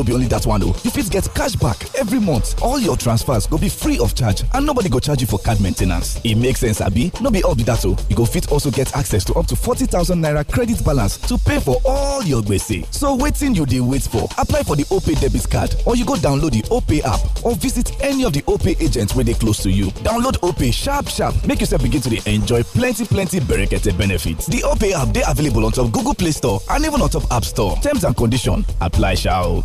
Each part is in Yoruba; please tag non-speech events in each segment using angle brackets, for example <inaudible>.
no be only that one though. you fit get cash back every month all your transfers go be free of charge and nobody go charge you for card maintenance. It e makes sense abi no be all be that o oh. you go fit also get access to up to 40000 naira credit balance to pay for all your gbese so waiting, you dey wait for apply for the opay debit card or you go download the opay app or visit any of the opay agents where they close to you download opay sharp sharp make yourself begin to the enjoy plenty plenty berekete benefits The opay app dey available on top google play store and even on top app store terms and condition apply sha oh.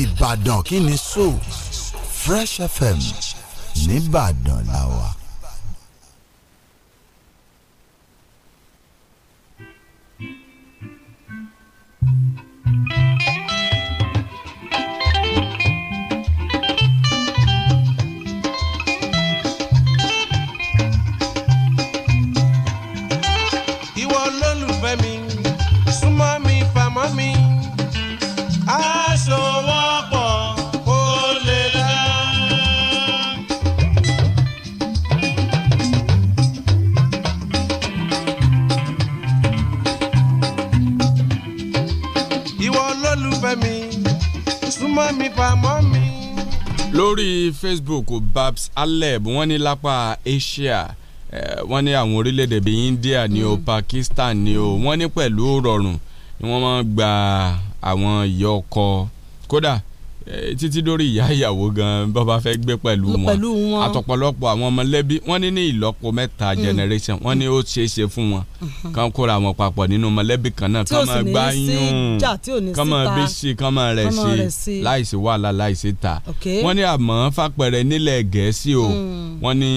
Ìbàdàn kí ni so Fresh FM nìbàdàn la wà. thank you Facebook Babs Aleb wọ́n ní lápá Asia eh, wọ́n ní àwọn orílẹ̀-èdè bíi India ni o mm. Pakistan ni o wọ́n ní pẹ̀lú rọrùn ni wọ́n máa ń gba àwọn ìyá kódà títí dórí ìyá ìyàwó gan bó bá fẹ́ gbé pẹ̀lú wọn àtọ̀pọ̀lọpọ̀ àwọn ọmọlẹ́bí wọ́n ní ní ìlọ́po mẹ́ta mm. generation wọ́n ní ó ṣeé ṣe fún wọn mm-hmm. kán kóra wọn papọ̀ nínú mọ̀lẹ́bí kan náà kán máa gbá yún kán máa bí sí kán máa rẹ̀ sí láìsí wàhálà láìsí ta wọ́n ní àmọ́ fàpẹ̀rẹ̀ nílẹ̀ gẹ̀ẹ́sì o mm. wọ́n ní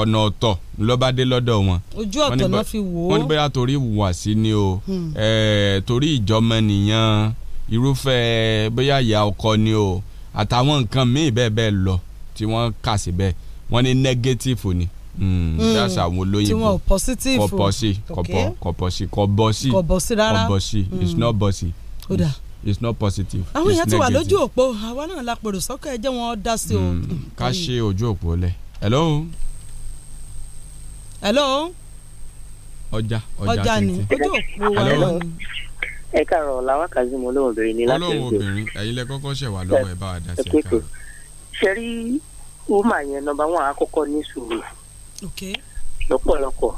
ọ̀nà ọ̀tọ̀ lọ́bàdé lọ́dọ̀ wọn. ojú ọ̀tọ̀ náà fi wò ó. wọ́n ní bóyá torí ìwàsí ni o mm. torí ìjọmọ nìyàn irúfẹ́ bóyá ìyá ọkọ ni o àtàwọn nǹkan míì bẹ́ẹ̀ bẹ́ẹ̀ lọ tí wọ́n kà síbẹ̀ wọ́n ní negative ni dáṣà hmm, hmm, àwọn olóyìnbó tí wọn positive kò bọ́ sí kò bọ́ sí kò bọ́ sí kò bọ́ sí rárá kò bọ́ sí it's hmm. not bọ́ sí it's not positive it's negative. àwọn èèyàn ti wà lójú òpó àwa náà la pèrò sọ́kọ̀ ẹ jẹ́ wọn dá sí o. ká ṣe ojú òpó lẹ̀ hello. hello. ọjà ọjà tètè ọjà ni ojú òpó wa ni ẹ káàárọ̀ làwọn kazeem olóhùn obìnrin ni láti ẹgbẹ́ olóhùn obìnrin ẹ̀yin lẹ kọ́kọ́ ṣẹ̀wá lọ́wọ́ ẹ bá wa dá sí ẹ káàárọ̀. ṣe rí wúmà yẹn nọ́mbà wọn àkọ́kọ́ ní sùúrù lọ́pọ̀lọpọ̀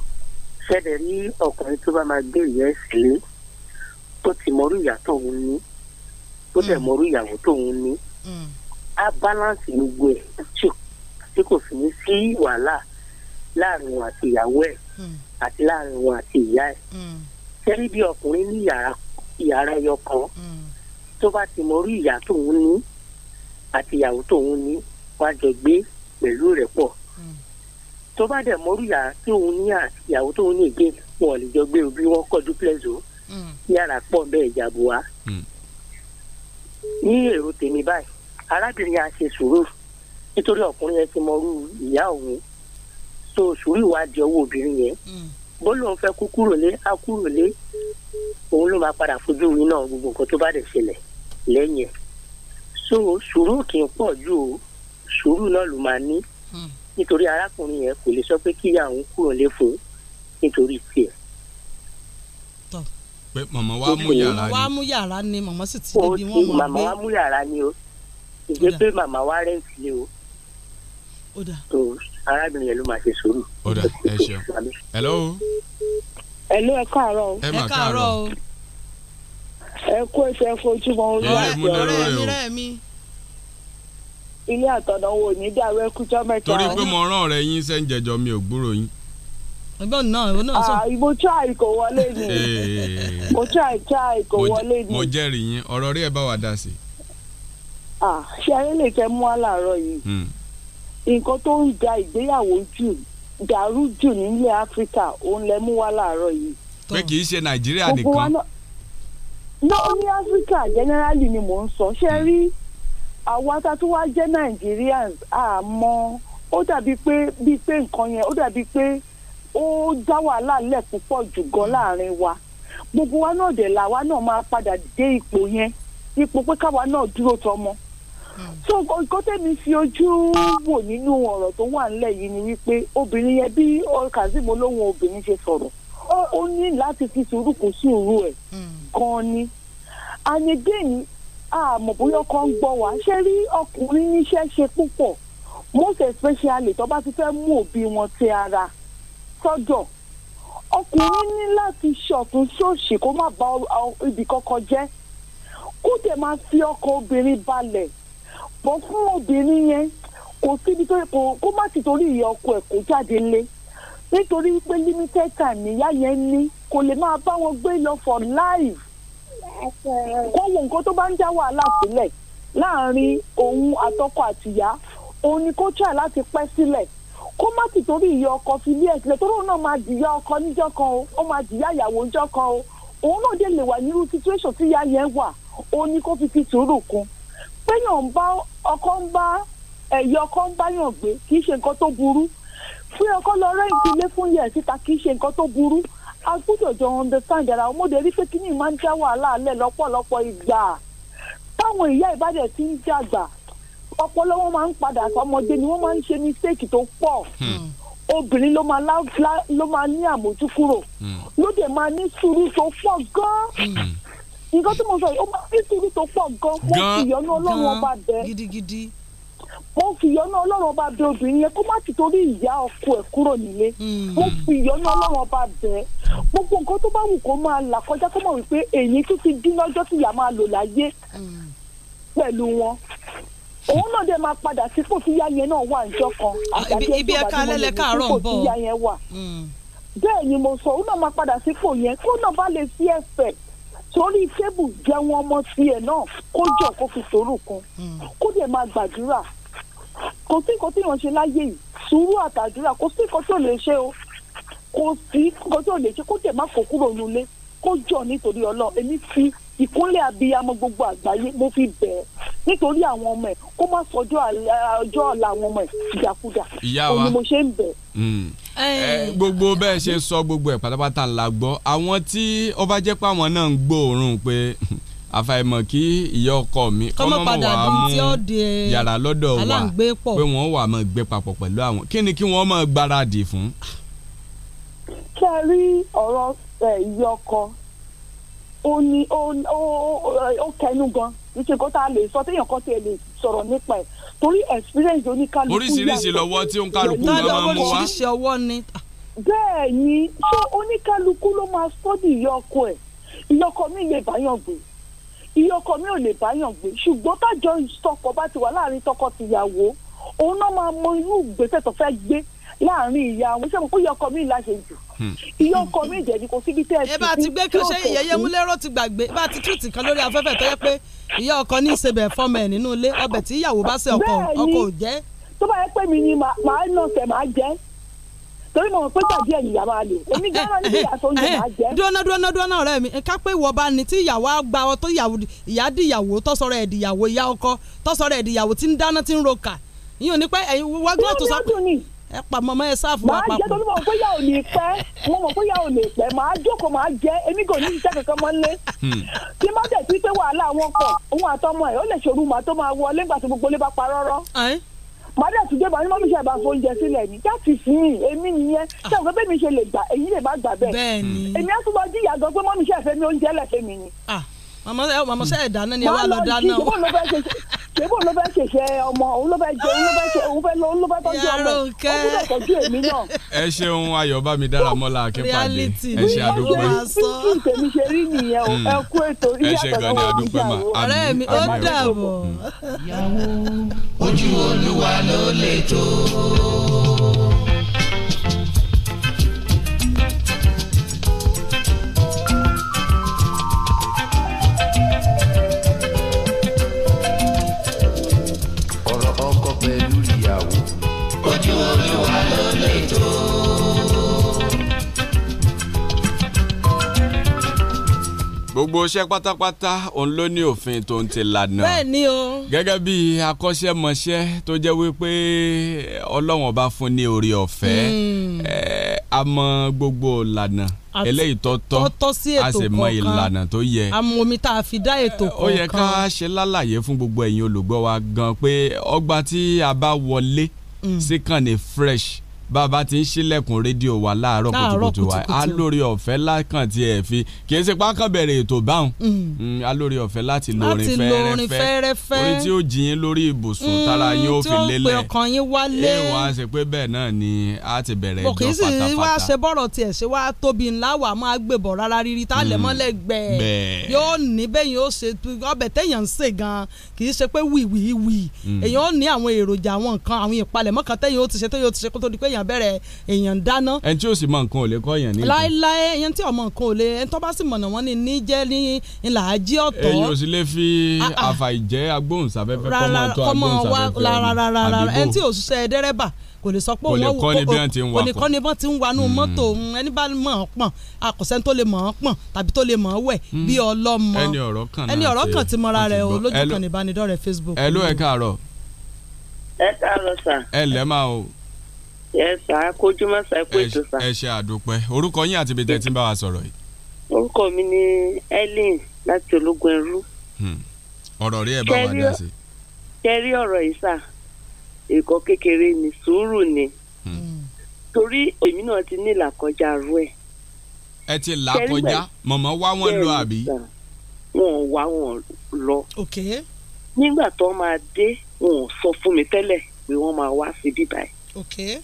ṣẹ̀dẹ̀ rí ọkùnrin tó bá máa gbé ìyá ìsílé tó ti mọrú ìyá tóun ní tó dẹ̀ mm. mọrú ìyàwó tóun ní mm. á báláǹsì gbogbo ẹ̀ tí kò sì ní sí wàhálà láàrin wọn àti ìyàwó ẹ̀ mm. àti láàrin wọn àti ìyá ẹ̀ ṣẹ́rí bí ọkùnrin ní yàrá ìyàrá ẹyọ kan mm. tó bá ti mọ orí ìyá tóun ní àti ìyàwó tóun ní wàá jọ gbé pẹ̀lú rẹ̀ pọ̀ mm. tó bá dẹ̀ mọ orí ìyá tóun ní àti ìyàwó tóun ní ìgbé wọn ò lè jọ gbé bí wọ́n kọ́ duplex mm. yàrá pọ̀ bẹ́ẹ̀ ìjàbọ̀ wa ní èrò tèmi báyìí arábìnrin yẹn ṣe sùúrù nítorí ọkùnrin yẹn ti mọ orú ìyá òun so sùúrù wá di ọwọ́ obìnrin yẹn bó lóun fẹ́ kú kúrò lé á kúrò lé òun ló máa padà fojú mi náà gbogbo nǹkan tó bá dẹ̀ ṣẹlẹ̀ lẹ́yìn ẹ̀ so sùúrù kì í pọ̀ ju o sùúrù náà ló máa ní hmm. nítorí arákùnrin yẹn kò lè sọ pé kíyà òun kúrò lé fún nítorí tiẹ̀. pé màmá wa mú yàrá ni wa mú yàrá ni màmá sì ti débi wọn mọ pé màmá wa mú yàrá ni o ìgbé pé màmá wa rẹ̀ ń tilé o tó arábìnrin yẹn ló máa ṣe sùúrù. ó dà ẹ ṣeun hello. hello ẹ o. ẹ mà o. ẹ kú ẹsẹ̀ fojúmọ́ olúwa àti ọ̀rẹ́ mi ilé àtọ̀nà wo torí pé mo rán yín sẹ́ mi ò gbúrò yín. Ah, mo kò ni mo kò ọ̀rọ̀ rí bá wa ah, ṣé ayé lè mú àlàárọ̀ yìí hmm. nǹkan tó ń da ìgbéyàwó jù dàrú jù nílẹ̀ áfíríkà òun lẹ mú wá láàárọ̀ yìí. pé kì í ṣe nàìjíríà nìkan. náà ní áfíríkà generally ni mò ń sọ ṣé hmm. rí àwa tá a wá jẹ́ nigerians àmọ́ ó dàbí pé bíi pé nǹkan yẹn ó dàbí pé ó dá wàhálà lẹ̀ púpọ̀ jù gan láàrin wa gbogbo wa náà dẹ̀ làwa náà máa padà dé ipò yẹn ipò pé káwa náà dúró tọmọ. so nǹkan tẹ́mi fi ojú wò nínú ọ̀rọ̀ tó wà nílẹ̀ yìí ni wípé obìnrin yẹn bí kazeem olóhùn obìnrin ṣe sọ̀rọ̀ ó ní láti fi sùúrù kù sí òru ẹ̀ gan ni and again àmọ́ bóyá ọkọ ń gbọ́ wá ṣé rí ọkùnrin níṣẹ́ ṣe púpọ̀ most especially tó bá ti fẹ́ mú òbí wọn ti ara sọ́jọ́ ọkùnrin ní láti ṣọ̀tún ṣòṣì kó má bà ibì kankan jẹ́ kó tẹ̀ máa fi ọkọ obìnrin balẹ̀ bọ́ fún obìnrin yẹn kò síbi tó kò kó má ti torí ìyá ọkọ ẹ̀ kó jáde lé nítorí pé limited time níyá yẹn ní kò lè máa bá wọn gbé lọ for life kó wo nǹkan tó bá ń já wàhálà sílẹ̀ láàrin òun àtọkọ àtìyá òun ni kó try láti pẹ́ sílẹ̀ kó má ti torí ìyá ọkọ fi ilé ẹ̀ sílẹ̀ torí òun náà máa dìyà ọkọ níjọ́ kan o ó máa dìyà ìyàwó níjọ́ kan o òun náà dé lè wà nírú situation tí ìyá yẹn wà ó ní kó fi fi sùúrù kún péyàn ń bá ọkọ ń bá ẹ̀yìn ọkọ ń báyàn gbé kì í ṣe nǹkan tó burú fún ọkọ lọ rẹ́ǹtì ilé fún yẹ̀ síta kì í ṣe nǹkan tó burú a gbọ́dọ̀ jọ understand ara ọmọdé rí pé kíní máa ń já wàhálà alẹ́ lọ́pọ̀lọpọ̀ ìgbà táwọn ìyá ìbàdàn ti ń jàgbà ọpọlọ wọn máa ń padà sọmọdé ni wọn máa ń ṣe mistake tó pọ̀ hmm. obìnrin ló máa ní àmójúkúrò hmm. ló máa ní sùúrù tó pọ̀ gan hmm nǹkan tí mo sọ yìí ó máa ní sùúrù tó pọ̀ gan mo fi ìyọ́nú ọlọ́run ọba bẹ gidigidi mo fi ìyọ́nú ọlọ́run ọba bẹ obìnrin yẹn kó má ti torí ìyá ọkọ ẹ̀ kúrò nílé hmm. mo fi ìyọ́nú ọlọ́run ọba bẹ gbogbo nǹkan tó bá wù kó máa là kọjá kó mọ̀ wípé èyí tún ti dín lọ́jọ́ tí ìyá máa lò láyé pẹ̀lú wọn òun náà dẹ̀ máa padà sípò tí ìyá yẹn náà wà níjọ́ kan ah, àtàkì ẹjọ́ bàdúmọ̀ lè fi sípò tí ìyá yẹn wà hmm. bẹ́ẹ̀ ni mo sọ òun náà máa padà sípò yẹn kó náà bá lè fi ẹ̀fẹ̀ torí tébù jẹun ọmọ tiẹ̀ náà kó jọ kó fi sòrò kan hmm. kó dẹ̀ máa gbàdúrà kò sí nǹkan tí wọ́n ṣe láyé yìí sùúrù àtàdúrà kò sí nǹkan tí ò lè ṣe o kò sí nǹkan tí ò lè ṣe kó dẹ̀ má kó kúrò nulẹ̀ kó jọ nítorí ọlọ́ èmi fi ìkúnlẹ̀ abiyamọ gbogbo àgbáyé mo fi bẹ̀ẹ́ nítorí àwọn ọmọ ẹ̀ kó má sọjọ́ ọ̀la àwọn ọmọ ẹ̀ ìjàkudà òun ni mo ṣe ń bẹ̀ẹ́. Hmm gbogbo bẹ́ẹ̀ ṣe sọ gbogbo ẹ̀ pátápátá la gbọ́ àwọn tí ó jẹ́ pé àwọn náà ń gbóòórùn pé àfàìmọ̀ kí ìyá ọkọ mi kọ́mọ́ padà bí tí yàrá lọ́dọ̀ wa pé wọ́n wà máa gbé papọ̀ pẹ̀lú àwọn kí ni kí wọ́n máa gbáradì fún. kí a rí ọ̀rọ̀ ìyá ọkọ ó ní ó kẹnu gan-an ìṣe nǹkan tá a lè sọ téèyàn kan tiẹ̀ lè sọ̀rọ̀ nípa ẹ̀ torí experience oníkálukú yàtọ̀ oríṣiríṣi lọ́wọ́ tí oníkálukú náà máa mú wa. oríṣiríṣi ọwọ́ ni. bẹ́ẹ̀ ni ṣé oníkálukú ló máa sọ́dí ìyọkọ ẹ̀ ìyọkọ mi lè báyàn gbé ìyọkọ mi ò lè báyàn gbé ṣùgbọ́n tájọ ìsọkọ bá ti wà láàrin tọkọ-tìyàwó òun náà máa mọ irú ìgbésẹ̀ tó fẹ́ gbé láàrin ìyá wọn ṣé mo kó ìyọkọ mi láṣẹ jù ìyá ọkọ mi ìjẹ́ ni kò síbi tẹ́ ẹ ti. ẹ bá ti gbé kan ṣe ìyẹyẹ múlẹ́rọ ti gbàgbé bá ti túùtì kan lórí afẹ́fẹ́ tó yẹ pé ìyá ọkọ ní ìsebẹ̀ fọmọ ẹ̀ nínú ilé ọbẹ̀ tí ìyàwó bá ṣe ọkọ ọkọ ò jẹ́. tó bá yẹ pé mi ni màá nà sẹ̀ màá jẹ́ torí mo mọ̀ pé tàbí ẹ̀yìn ìyá máa lò omi gánà níbi àtọ́jú máa jẹ́. dúró dúró dúró náà ọ̀rẹ́ mi ká pé ìwọ bá ní tí ìyàwó àgbà ọ tó ìyá dìyàwó tọ́sọ̀rọ̀ ẹ̀dìyàwó ìyá ọkọ tọ́sọ̀rọ̀ ẹ̀dìyàwó tí ń dáná tí ń roka ìyẹn ò ní pẹ́ ẹ̀yin wọ́gbọ́n tó sọ pé ẹ pa mọmọ ẹ sáfù wa papọ̀. màá jẹ torí mọ̀ pé yà ní pẹ́ mo mọ̀ pé yà ní pẹ́ màá jókòó màá jẹ èmi kò ní iṣẹ́ kankan mọ́ lé. Hmm. tí má dẹ̀ sí pé wàhálà wọn pọ̀ òun àtọmọ ẹ̀ ó lè ṣòro màá tó máa wọlé gbà tó gbogbo lé bá parọ́rọ́. màá dẹ̀ tún dé màá ní mọ́mí ṣe àbáfo oúnjẹ sílẹ̀ ni láti fún mi èmi nìyẹn ṣé òkè bẹ́ẹ̀ mi ṣe lè gbà èyí lè má gbà bẹ́ẹ̀ màmá sẹ ẹ dáná ni ẹ wà lọ dáná o. Débò ló fẹ́ ṣẹ̀ṣẹ̀ ọmọ, òun ló fẹ́ jẹ, òun ló fẹ́ ṣe, òun fẹ́ lọ, òun ló fẹ́ tọ́jú ọmọ, òun ló fẹ́ tọ́jú èmi náà. Ẹ ṣeun Ayọ̀bámi Dáramọ́lá Akínpàdé, ẹ ṣe àdúgbò. Bí tèmi ṣe rí nìyẹn o, hmm. ẹ kú ètò ìyàtọ̀ tó wà nígbà wo. Ọ̀rẹ́ mi, ó dàbọ̀. Ojú Olúwa ló lè tó. ètò. gbogbo iṣẹ́ pátápátá òun ló ní òfin tó ń ti lànà. bẹ́ẹ̀ ni o. gẹ́gẹ́ bí akọ́ṣẹ́mọṣẹ́ tó jẹ́ wípé ọlọ́wọ̀n bá fún ní orí ọ̀fẹ́ hmm. a mọ gbogbo ìlànà eléyìí tọ́tọ́ a sì mọ ìlànà tó yẹ. àmọ̀mí tá a fi dá ètò kọ̀ọ̀kan. ó yẹ ká ṣe lálàyé fún gbogbo ẹ̀yin olùgbọ́ wa gan pé ọgbà tí a bá wọlé hmm. sí kàn ní fresh bàbá ti ń ṣílẹ̀kùn rédíò wa láàárọ̀ kùtùkùtù wa alórí ọ̀fẹ́ lákàn tí ẹ fi kì í ṣe pákàn bẹ̀rẹ̀ ètò báwọn mm. mm, alórí ọ̀fẹ́ láti lórin fẹ́rẹ́fẹ́ orin tí ó jiyín lórí ibùsùn mm, tara yín ó fi lélẹ̀ tí ó pe ọkàn yín wálé ẹ wá ṣe pé bẹ́ẹ̀ náà ni a ti bẹ̀rẹ̀ ìjọ pátápátá kò kì í sì wá bọ́rọ̀ tiẹ̀ ṣe wá tóbi ńlá wà máa gbébọ̀ rárá rírí tá gan kì í ṣe pé wìwìwì èèyàn ó ní àwọn èròjà àwọn nǹkan àwọn ìpalẹ̀mọ́ kan téèyàn ó ti ṣe téèyàn ó èèyàn bẹ̀rẹ̀ èèyàn dáná. ẹni tí ó sì mọ nǹkan ò lè kọ́ èèyàn ní ìlú. láéláé ẹni tí ọmọ nǹkan ò lè ẹni tó bá sì mọ̀nà wọn ni ní jẹ́ ní ìlà ajé ọ̀tọ̀. èyí ò sì lè fi ah, ah. àfàìjẹ́ agbóhùnsáfẹ́fẹ́ kọ́mọ tó agbóhùnsáfẹ́fẹ́ àdìgbò kò lè sọ pé òun kò lè kọ́ ni bọ́n ti ń wanú hmm. mọ́tò ẹni bá mọ̀ ọ́ pọ̀n àkọsẹ́ni tó lè mọ̀ ọ́ pọ̀n tàbí tó lè mọ̀ ọ́ wẹ̀ hmm. bí ti mọ́ra rẹ̀ o lójú Facebook. ẹ ló ẹ káàárọ̀. ẹ káàárọ̀ sà. ẹ lẹ́ máa o ẹ sà kójúmọ́ sà kó ètò sà. ẹ ṣe àdúpẹ́ orúkọ yín àti ibi tẹ́ ti ń bá wa sọ̀rọ̀ yìí. orúkọ mi ni Ellen láti ológun ẹrú. Hmm. ọ̀rọ̀ rí ẹ bá wa dá sí. kẹrí ọ̀rọ̀ yìí sà ẹ̀kọ́ kékeré ni sùúrù ni hmm. torí èmi náà ti ní ìlàkọjá rú ẹ. ẹ ti là kọjá mọ̀mọ́ wá wọn lọ àbí. wọn ò wá wọn lọ. nígbà tó máa dé wọn ò sọ fún mi tẹ́lẹ̀ pé wọ́n máa wá síbí báyìí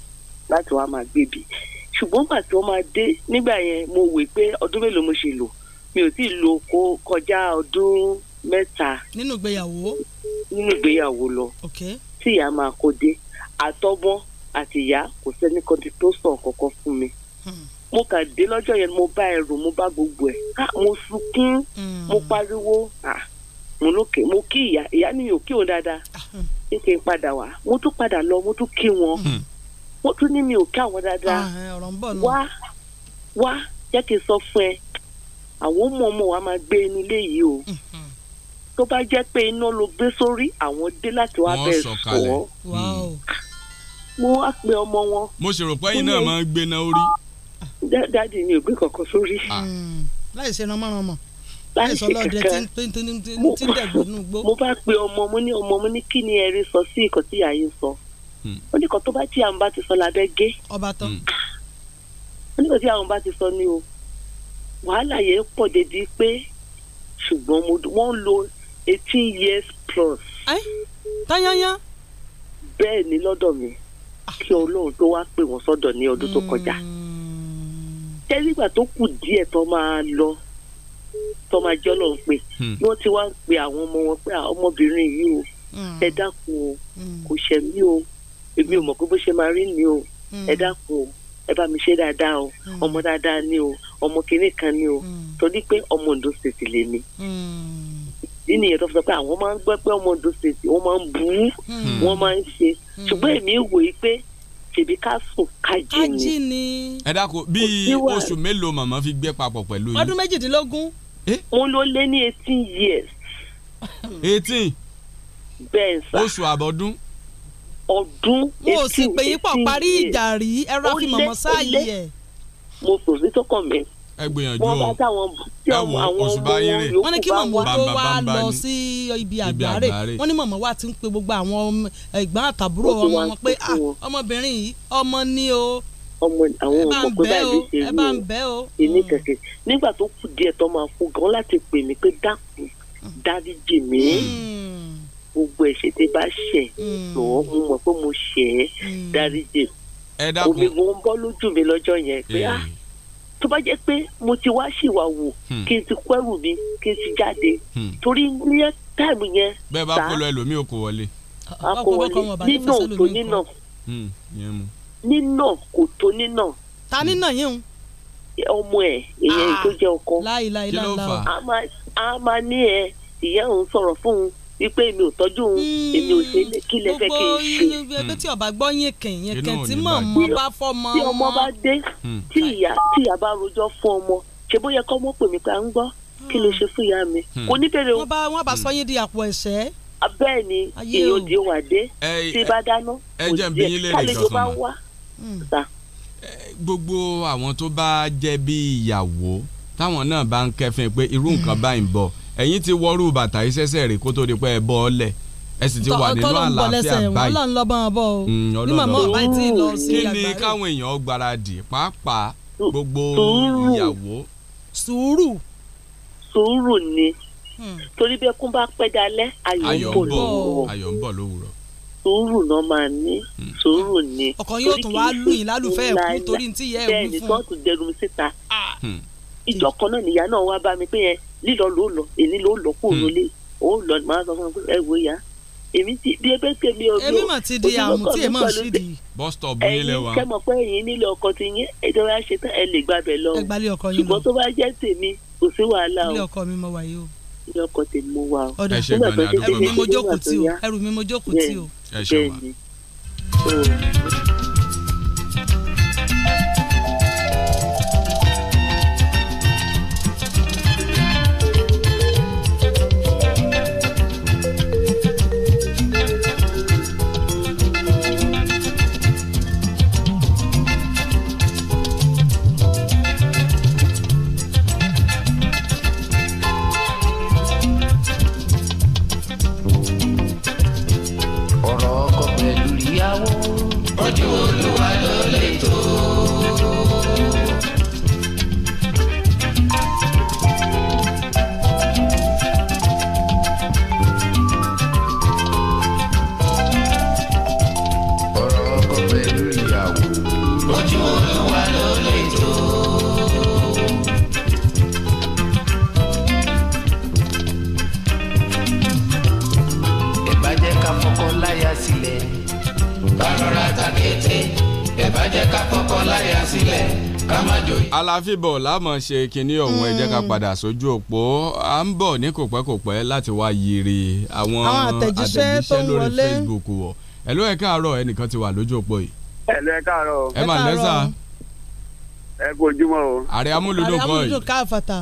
láti wàá máa gbèbí ṣùgbọ́n gbà tí wọ́n máa dé nígbà yẹn mo wè pé ọdún mélòó mo ṣe lò mi ò tí ì lò kó kọjá ọdún mẹ́ta. nínú ìgbéyàwó. nínú ìgbéyàwó lọ. ok tí ìyá máa kó dé àtọ́gbọ́n àti ìyá kò sẹ́ni kan ti tó sàn kankan fún mi. Hmm. mo kà dé lọ́jọ́ yẹn mo bá ẹrù mo bá gbogbo ẹ̀ mo sunkún hmm. mo pariwo mo lókè mo kí ìyá ìyá mi ò kí òun dáadáa ah, hmm. kí n padà wá mo tún padà lọ mo tún kí wọn wọ́n tún ní mi ò ká wọn dáadáa wá wá jẹ́ kí n sọ fún ẹ àwọn ọmọọmọ wa máa gbé inú ilé yìí o mhm. tó bá jẹ́ pé iná ló gbé sórí àwọn dé láti wá bẹ̀rẹ̀ sọ ọ́ mhm. mo wá pe ọmọ wọn. mo ṣèrò pé ẹ̀yin náà máa ń gbéná orí. dáàdi mi ò gbé kankan sórí. Ah. Hmm. láì ṣe ránmọ́ránmọ́ láì ṣe kankan <laughs> mo bá pe ọmọ mo ní ọmọ mo ní kí ni ẹ̀rí sọ sí ìkọ́ tí sọ ó ní kan tó bá tí àwọn bá ti sọ lábẹ́ gé ọba tán hmm. ó ní kan tí àwọn bá ti sọ ni o wàhálà yẹn pọ̀ débi pé ṣùgbọ́n wọ́n ń lo eighteen years plus. ẹ tayanya. bẹ́ẹ̀ ni lọ́dọ̀ mi ah. kí ọlọ́run tó wá pè wọ́n sọ́dọ̀ ní ọdún tó kọjá tẹ́lígbà hmm. tó kù díẹ̀ tó máa lọ tó máa jọ́ lọ́n pè ni hmm. wọ́n ti wá ń pe àwọn ọmọ wọn pé ah, ọmọbìnrin yìí o ẹ dákun o kò ṣẹ̀mí o èmi ò mọ̀ pé bó ṣe máa rí ni o hmm. ẹ dákun o ẹ bá mi ṣe dáadáa o hmm. ọmọ dáadáa ni o ọmọ kinní kan ni o hmm. torí pé ọmọ Ondo State lèmi nínú ìyẹn tó fi sọ pé àwọn máa ń gbọ́ pé ọmọ Ondo State wọ́n máa ń bú wọ́n máa ń ṣe ṣùgbọ́n èmi wò ó pé ṣèbí ká sùn ká jí ni. ẹ dákun bíi oṣù mélòó màmá fi gbé papọ̀ pẹ̀lú yín. ọdún méjìdínlógún. Eh? mo ló lé ní eighteen years. eighteen. bẹ́ẹ̀ sá. oṣù àbọ̀dún ọdún. mo ò sì pè yín pọ̀ parí ìjà rí ẹ̀rọ àfimọ̀mọ́ sáàyè ẹ̀. mo kò sí tó kàn ẹ gbìyànjú o ẹ wo oṣù bá yín rè. wọ́n kí mọ̀mọ́ tó wá lọ sí ibi àgbáre wọ́n ní mọ̀mọ́ wa ti ń pe gbogbo àwọn ìgbọ́n àtàbúrò ọmọ wọn pé ah, ọmọbìnrin yìí ọmọ ni o ọmọ àwọn ọmọ pé báyìí ṣe rí o èmi mm. kẹ̀kẹ́ nígbà tó kù díẹ̀ tó máa fún gan láti pè mí pé dákun mm. dáríjì mí mm gbogbo ẹ̀ṣẹ̀ tí bá ṣẹ̀ lọ́wọ́ hmm. mo mọ̀ pé mo ṣẹ̀ ẹ́ hmm. dáríjì omi gan ń bọ́ lójú mi lọ́jọ́ yẹn pé hmm. ah tó bá jẹ́ pé mo ti wá ṣìwà wò kí n ti kó ẹrù mi kí n ti jáde torí ní táìmù yẹn tá bẹ́ẹ̀ bá kó lọ ẹlòmíì ò kò wọlé. a kò wọlé nínà kò nínà nínà kò tó nínà. ta nínà yín o. ọmọ ẹ ìyẹn ah, tó jẹ ọkọ. láìláìláìláà a máa ní ẹ ìyá òun sọ̀rọ̀ fún un wípé èmi ò tọ́jú òun èmi ò ṣe kí lẹ fẹ́ kí n ṣe. gbogbo tí ọba gbọ́ yín kàn yín kàn tí mọ̀ mọ́ bá fọ́ mọ́ tí ọmọ bá dé hmm. tí ìyá tí ìyá bá rojọ́ fún ọmọ ṣe bó yẹ kọ́ mọ́ pè pa ń gbọ́ kí ló hmm. ṣe fún ìyá mi hmm. kò ní bèrè o. wọ́n bá sọ yín di àpò ẹ̀ṣẹ́. Ah, bẹ́ẹ̀ ni èyí ò di wà dé tí bá dáná kò díẹ̀ kálejò bá wá. gbogbo àwọn tó bá ẹ̀yin ti wọ́rú bàtà iṣẹ́ṣẹ́ rẹ̀ kó tó di pé ẹ bọ́ ọ lẹ̀ ẹ sì ti wà nínú àlàáfíà báyìí ọlọ́run lọ́bọ̀ ọbọ̀ o ní mm, màmá ọ̀bá tí ì lọ sí àgbáyé. kí ni káwọn èèyàn gbáradì pàápàá gbogbo ìyàwó. sùúrù. sùúrù ni hmm. torí bí ẹkún bá pẹ́ dalẹ́ ayọ̀ ń bọ̀ lówùrọ̀ ayọ̀ ń bọ̀ lówùrọ̀. sùúrù náà máa ní hmm. sùúrù ni. ọkàn yóò tún wá lù yín lálùfẹ́ ẹ̀kú torí ti yẹ ẹ̀kú fún. bẹ́ẹ̀ ni tọ́ọ̀tù dẹrù síta ah. hmm. ìjọ náà nìyá náà wá bá mi pé yẹn lílọ ló lọ èmi ló lọ kó ló lé ó lọ màá sọ fún mi ẹ wo ya èmi ti di ẹgbẹ́ tèmi ọdún èmi mà ti di àrùn tí èmi sì di. bus bí ilé wa. ẹyin kẹ́mọ̀ pé ẹ̀yin nílé ọkọ ti yín ìjọba ṣe tán ẹ lè gbàbẹ̀ lọ. ẹ ṣùgbọ́n tó bá jẹ́ tèmi kò sí wàhálà o. ilé ọkọ mi mo wà yìí o. ilé ọkọ tèmi mo wà o. ọ̀dọ̀ ẹ̀rù mi mo jókòó tí o ẹ̀rù mi mo jókòó tí o. ẹ ṣe wà. láfíbọ̀ lámọ̀ ṣe kinní ọ̀hún ẹ jẹ́ ká mm. padà sójú òpó à ń bọ̀ ní kò pẹ́ kò pẹ́ láti wá yiri àwọn àtẹ̀jíṣẹ́ lórí Facebook wọ̀ ẹ ló ẹ káàárọ̀ ẹnìkan ti wà lójú òpó yìí. ẹ ló ẹ káàárọ̀. ẹ mà lẹ́sà. ẹ kú ojúmọ́ o. ààrẹ amúlùdùn kọ́ yìí. ààrẹ amúlùdùn káfàtà.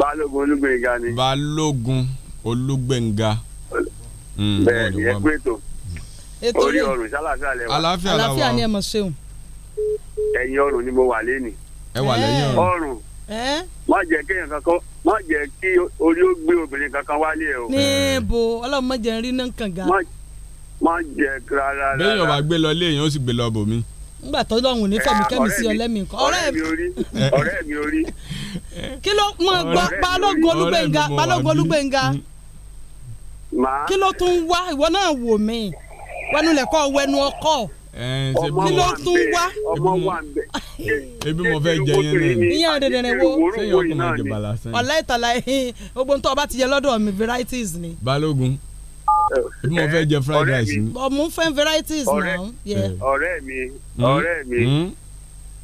balógun olúgbẹ̀ngà ni. balógun olúgbẹ̀ngà. Hmm, bẹ́ẹ̀ ni ẹ kú ètò. ètò rẹ̀ orí ọrùn sálàsálẹ̀ wà. àlàáfíà ni ẹ mọ̀ ṣeun ẹ̀yìn ọrùn ni mo wà lẹ́nìí. ẹ wà lẹ́yìn ọrùn má jẹ́ kéèyàn kankan má jẹ́ kí orí ó gbé obìnrin kankan wálé o. níbo ọlọ́run má jẹ́ rí náà kàn ga. má rárá. bẹ́ẹ̀ yóò gbé lọ ó lọ nígbà tó lọ́hùn ní fẹ̀mí kẹ́mi sí kan. ọ̀rẹ́ mi orí ọ̀rẹ́ mi orí. kí ló gbọ́ olúgbẹ̀ngà olúgbẹ̀ngà. kí ló tún wá ìwọ náà wò mí wẹnulẹ̀kọ́ wẹnu ebi mo fẹ́ jẹ yẹn náà ni ìyẹn ọ̀dẹ̀dẹ̀ rẹ wo sẹ́yìn ọkùnrin máa jẹ bàlá sẹ́yìn. ọ̀la ìtàlá gbogbo ntọ́ ọba ti yẹ lọ́dọ̀ mi varieties ni. balógun ebi mo fẹ́ jẹ fried rice ni. ọmọ n fẹ́ varieties náà. Eh. ọ̀rẹ́ mi hmm? ọ̀rẹ́ mi hmm?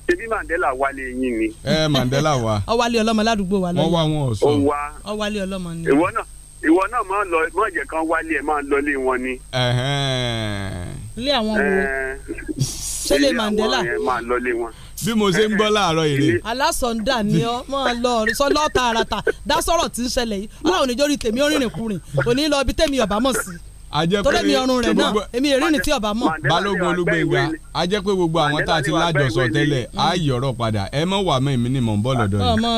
ṣebí Mandela wálé yín ni. ẹ eh, Mandela wa. ọwálé <laughs> ọlọ́mọ ládùúgbò wa lọ́yìn. ọwá wọn ò sọ. ọwá ọwálé ọlọ́mọ ni. ìwọ náà ìwọ náà máa lọ máa jẹ kán wálé ẹ máa lọlé wọn ni. ilé àwọn wo eh. ṣẹlẹ̀ Mandela. ilé àwọn yẹn máa lọlé wọn bí mo ṣe ń gbọ́ láàárọ̀ èrè. alásọ̀ndà ni ọ máa lọ sọlọ́ tààràtà dá sọ̀rọ̀ tí ń ṣẹlẹ̀ yìí ọlọ́run níjó rí tèmi orìnrìn kùnrin kò ní lọ ibi tèmi ọ̀bá mọ̀ sí. torí mi ọrùn rẹ̀ náà èmi ìrìnrìn tí ọ̀bá mọ̀. balógun olúgbẹ̀ngà a jẹ́ pé gbogbo àwọn tá a ti lájọsọ tẹ́lẹ̀ á yí ọ̀rọ̀ padà ẹ mọ̀ wà mọ́ èmi ni ń bọ̀ lọ́dọ̀ yìí. ọmọ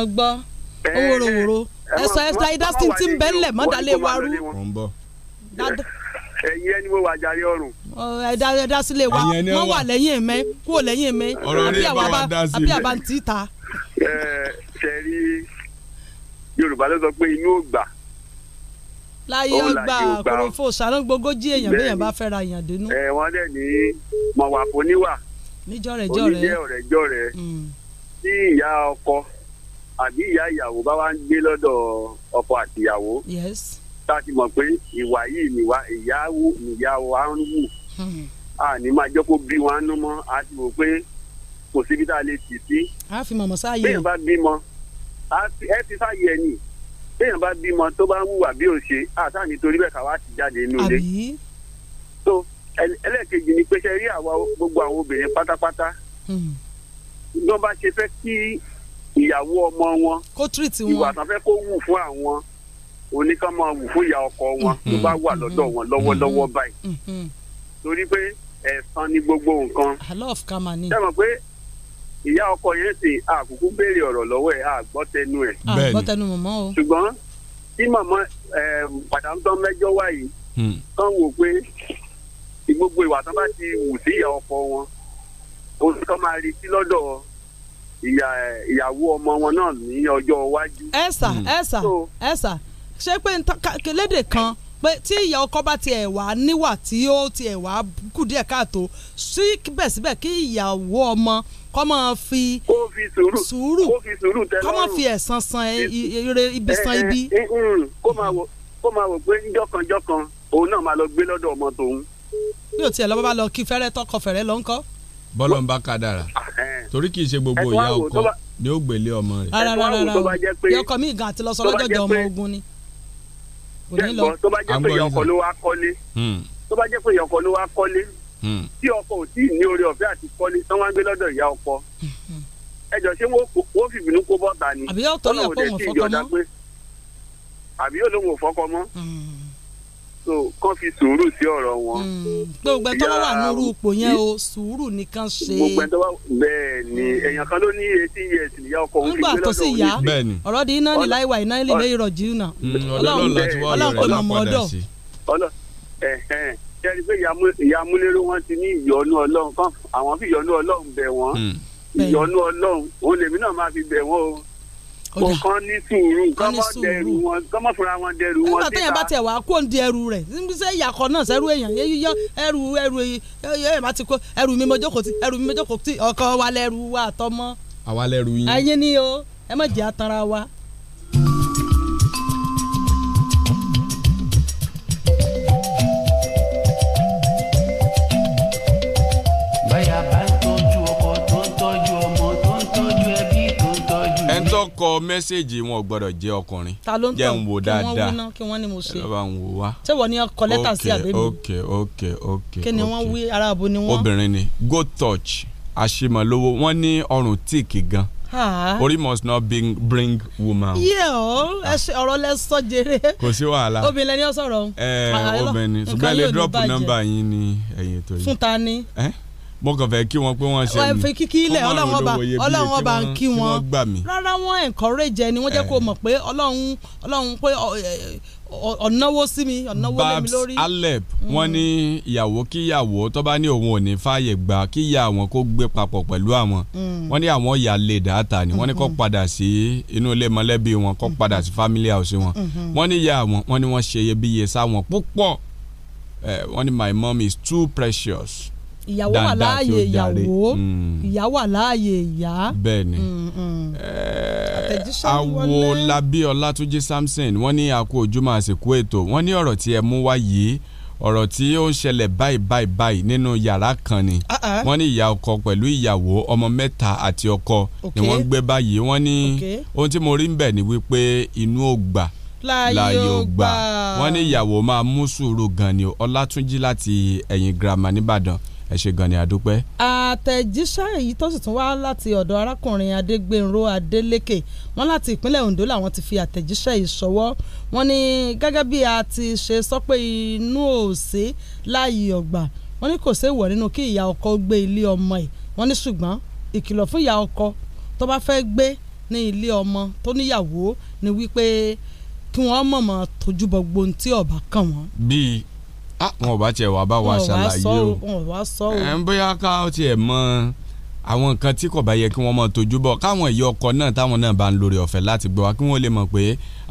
gbọ́ ẹ̀yin ẹni mo wà jàre ọrùn. ẹ̀dá ẹ̀dá sílé wa wọ́n wà lẹ́yìn mẹ́ kúrò lẹ́yìn mẹ́ àbí àbá ń tì í ta. ẹ ṣe rí yorùbá ló sọ pé inú ò gbà. láyé ọgbà kòròfò sàrán gbogójì èèyàn béèyàn bá fẹ́ ra èèyàn dénú. ẹ wọn dẹ ní mọwà foníwà oníjẹ ọrẹjọrẹ hmm. tí ìyá ọkọ àbí ìyá ìyàwó bá wá ń gbé lọ́dọ̀ ọkọ àtìyàwó. yes tá a ti mọ̀ pé ìwà yìí nìwà ìyáwó nìyàwó á ń wù hmm. a ní máa jẹ́ kó bí wọn nú mọ́ a ti wò pé kò síbi tá a lè tì sí. a fi mọ̀mọ́ sáàyè. béèyàn bá bímọ ẹ ti sáàyè ẹ nì béèyàn bá bímọ tó bá ń hùwà bí ò ṣe àtà nítorí bẹ́ẹ̀ káwá ti jáde inú ilé. so ẹlẹ́ẹ̀kejì ni pé ṣe rí àwa gbogbo àwọn obìnrin pátápátá ló hmm. bá ṣe fẹ́ kí ìyàwó ọmọ wọn ìwà tán fẹ́ kó wù fún àwọn oníkan máa wù fún ìyá ọkọ wọn tó mm-hmm. bá wà lọ́dọ̀ wọn lọ́wọ́lọ́wọ́ mm-hmm. báyìí mm-hmm. torí pé ẹ̀san ni gbogbo nǹkan sẹ́wọ̀n pé ìyá ọkọ yẹn sì àkùkù béèrè ọ̀rọ̀ lọ́wọ́ ẹ̀ àgbọ́tẹnu ẹ̀ àgbọ́tẹnu mọ̀mọ́ o ṣùgbọ́n tí màmá pàtàkùn mẹ́jọ wá yìí hmm. kàn wò pé gbogbo ìwà tó bá ti wù sí ìyá ọkọ wọn oṣù kan máa retí lọ́dọ̀ ìyàwó ọmọ wọn náà ní ọjọ́ iwájú. ẹ sà hmm. ẹ sà ẹ sà. ṣé pé lédè kan pé tí ìyá ọkọ bá tiẹ̀ wá níwà tí ó tiẹ̀ wá kù díẹ̀ káàtó síbẹ̀síbẹ̀ kí ìyàwó ọmọ kọ́ máa fi sùúrù kọ́ máa fi ẹ̀san san ibi san ibi. kó máa wò pé jọ̀kanjọ̀kan òun náà máa lọ gbé lọ́dọ̀ ọmọ tòun. bí o tiẹ̀ lọ́ bá lọ kí fẹ́rẹ́ tọkọ fẹ́rẹ́ lọ ń kọ́. bọ́lọ̀ ń bá ká dára torí kì í ṣe gbogbo ìyá ọkọ ni ó gbélé ọmọ rẹ̀. rárá rárá o yọkọ mi ìgàn àti lọ sọ lọ́jọ́ jẹ ọmọ ogun ni jẹ́gbọ́n hmm. tó bá jẹ́ pé ìyá ọkọ ló wá kọ́lé tó bá jẹ́ pé ìyá ọkọ ló wá kọ́lé tí ọkọ ò tí ì ní oore ọ̀fẹ́ àti kọ́lé tán wá ń gbé lọ́dọ̀ ìyá ọkọ hmm. ẹjọ́ ṣé wọ́n fi ìbínú kó bọ́ta ni àbí yóò tó yẹ kó òun fọ́kọ mọ́ àbí yóò lóun ò fọ́kọ mọ́ hmm so kán fi sùúrù sí ọ̀rọ̀ wọn. Mm. gbogbo ẹ̀ tó wà nínú ipò yẹn o sùúrù nìkan ṣe. gbogbo ẹ̀ tó wà bẹ́ẹ̀ ni mm. èèyàn kan ló ní eighteen years níyà ọkọ òun fi gbé lọ́dọ̀ òun. nígbà tó sì yá ọ̀rọ̀ di iná ní láìwá iná mm, lè lè rọ̀ jù náà. ọlọ́run pè mọ̀mọ́ ọ̀dọ̀. ṣẹ́ni pé ìyá múlẹ́rú wọn ti ní ìyọ́nú ọlọ́run kan àwọn fi ìyọ́nú ọlọ́run bẹ̀ wọ́n ìyọ́nú ọlọ́run òun lèmi náà máa fi bẹ̀ wọ́n o kọ́ ní sùúrù kọ́ mọ̀ dẹrù wọn kọ́ mọ̀ fúnra wọn dẹrù wọn síta. nígbà téèyàn bá tẹ̀ wá kó ń di ẹrù rẹ̀ ṣé ìyàkọ̀ náà sẹ́rù èèyàn yíyọ ẹrù ẹrù èèyàn bá ti kó ẹrù mi mo jókòó tí ẹrù mi mo jókòó tí ọkọ wa lẹ́rù wa àtọmọ. àwa lẹ́rù yín. ayé ni o ẹ má jẹ́ àtàrà wa. tó kọ mẹ́sẹ̀gì wọn gbọ́dọ̀ jẹ́ ọkùnrin jẹ́ ń wo dáadáa kí wọ́n ní mo ṣe ẹ bá ń wo wá. ṣé wọ́n ní ọkọ lẹ́tà sí àbẹ́mi. ok ok ok ok kí ni wọ́n wí ara àbò ni wọ́n. obìnrin ni go touch àṣemọ̀lówó wọ́n ní ọrùn tíìkì gan orí must not bring, bring woman. yíyẹ o ẹsẹ ah. ọ̀rọ̀ lẹ sọ jèrè. kò sí wàhálà obìnrin lẹni ọsọrọ. Eh, ah, ẹ obìnrin ṣùgbọ́n ẹ lè drop number yín ní ẹ̀yìn ètò yìí. fún ta ni. Eh? mo fẹ́ kí wọn pé wọ́n ṣe mi fi kíkí ilẹ̀ ọlọ́run ọba ọlọ́run ọba ń kí wọn rárá wọn encourage ẹni wọ́n jẹ́ kó mọ̀ pé ọlọ́run ọlọ́run pé ọ̀nàwó sí mi ọ̀nàwó lé lórí. Babs Alep mm. wọ́n ní ìyàwó kíyàwó tó bá ní òun ò ní fààyè gbà kíyà àwọn kó gbé papọ̀ pẹ̀lú àwọn mm. wọ́n ní àwọn ìyá lè dáàtà ni wọ́n ní kó mm-hmm. padà sí inú ilé mọ̀lẹ́bí wọn kó padà sí mm-hmm. family house wọn mm-hmm. wọ́n ní ìyá àwọn wọ́n ní wọ́n ṣe iyebíye sáwọn púpọ̀ wọ́n ní my mom is too precious ìyàwó wà láàyè ìyàwó hmm. ìyá wà láàyè ìyá. bẹ́ẹ̀ni hmm, hmm. Eh, awo labi ọlátúnjí samson wọn ní àkó ojúmọ́ àsìkò ètò wọn ní ọ̀rọ̀ tí ẹ mú wá yìí ọ̀rọ̀ tí ó ń ṣẹlẹ̀ báyìí báyìí báyìí nínú yàrá kan ni ah, ah. wọ́n ní ìyá ọkọ pẹ̀lú ìyàwó ọmọ mẹ́ta àti ọkọ ni wọ́n ń gbé báyìí wọ́n ní ohun tí mo rí ń bẹ̀ ni wípé inú ò gbà láàyè ò gbà wọ́n ní ìyàwó máa mú sùúrù gan ni Ọlátúnjí láti ẹ̀yìn girama nìbàdàn ẹ ṣe gan ni àdúpẹ́. àtẹ̀jíṣẹ́ èyí tó sì tún wá láti ọ̀dọ̀ arákùnrin adégbènrò adélékè wọn láti ìpínlẹ̀ ondo làwọn ti fi àtẹ̀jíṣẹ́ yìí ṣọwọ́ wọn ní gẹ́gẹ́ bí a ti ṣe sọ pé inú òsè láàyè ọ̀gbà wọn ní kò séèwọ̀ nínú kí ìyá ọkọ gbé ilé ọmọ ẹ̀ wọn ní ṣùgbọ́n ìkìlọ̀ fún ìyá ọkọ tó bá fẹ́ gbé ní ilé ọmọ tó níyàwó ni wípé kí wọ́n mọ̀mọ́ tójú bọ tí ọ̀bà kàn wọ́n. bíi Ah, wọn ò bá tiẹ̀ wá bá wa ṣàlàyé o ẹ̀ ń bóyá ká tiẹ̀ mọ àwọn nǹkan tí kò bá yẹ kí wọ́n mọ̀ tójú bọ̀ káwọn ìyá ọkọ náà táwọn náà bá ń lórí ọ̀fẹ́ láti gbọ́ wa kí wọ́n lè mọ̀ pé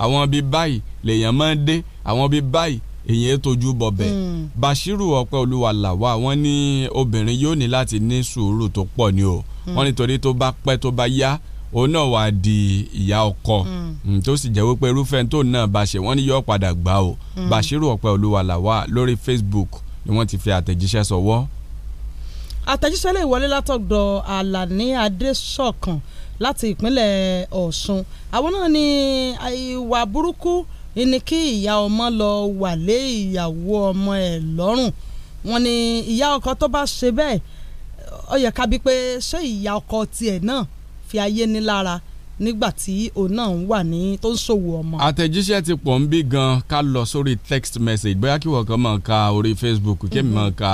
àwọn bíi báyìí lèèyàn máa ń dé àwọn bíi báyìí èyàn tójú bọ̀bẹ̀ hmm. Bashiru Ọpẹ́olúwa làwa wọ́n ní obìnrin yóò ní láti ní sùúrù tó pọ̀ ni o hmm. wọ́n nítorí tó bá pẹ́ tó bá yá òun náà wàá di ìyá ọkọ mm. Mm, tó sì jẹ́ wípé irúfẹ́ tó náà Bashir wọ́n ní yọ padà gbà o mm. Bashiru Ọpẹ́ Olúwalàwà lórí Facebook ni wọ́n ti fi àtẹ̀jíṣẹ́ sọwọ́. àtẹ̀jíṣẹ́ lè wọlé látọ̀dọ̀ Alani Adéṣọ̀kan láti ìpínlẹ̀ Ọ̀ṣun àwọn náà ní ìwà burúkú ni kí ìyá ọmọ lọ wà lé ìyàwó ọmọ ẹ̀ lọ́rùn wọ́n ní ìyá ọkọ tó bá ṣe bẹ́ẹ̀ ó yẹ pé ṣé ìyá ọkọ tiẹ̀ náà fi ayé ní lára nígbà tí òun náà wà ní tó ń ṣòwò ọmọ. àtẹ̀jíṣẹ́ ti pọ̀ ń bí gan ká lọ sórí text message bóyá kí wọ́n kàn máa ka orí Facebook kí èmi máa mhm. ka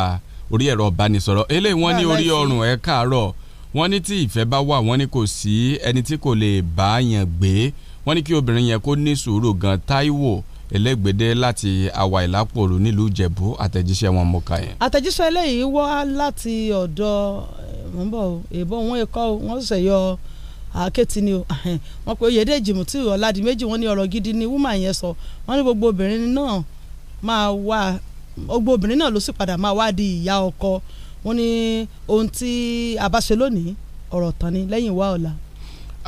orí ẹ̀rọ ìbánisọ̀rọ̀ eléyìí wọ́n ní orí ọrùn ẹ̀ káàárọ̀ wọ́n ní tí ìfẹ́ bá wà wọ́n ní kò sí ẹni tí kò lè bá yàn gbé wọ́n ní kí obìnrin yẹn kó ní sùúrù gan Táíwò ẹlẹ́gbẹ̀dẹ́ láti àwa ìlápòrò nílùú Ìjẹ̀bú àtẹ̀jíṣẹ́ wọn mọ̀ká yẹn. àtẹ̀jíṣẹ́ eléyìí wá láti ọ̀dọ̀ wọ́n bọ̀ o èèbọ̀ wọn èkó o wọ́n ṣẹ̀ yọ àákétì ni o <laughs> wọ́n pe Oyèdèjì Mútíù Ọládìméjì wọ́n ní ọ̀rọ̀ gidi ni wúmà yẹn sọ wọ́n ní gbogbo obìnrin náà máa wá gbogbo obìnrin náà ló sì padà máa wá di ìyá ọkọ wọ́n ní ohun tí a bá ṣe lónìí ọ̀rọ̀ tán ni lẹ́yìn wá ọ̀la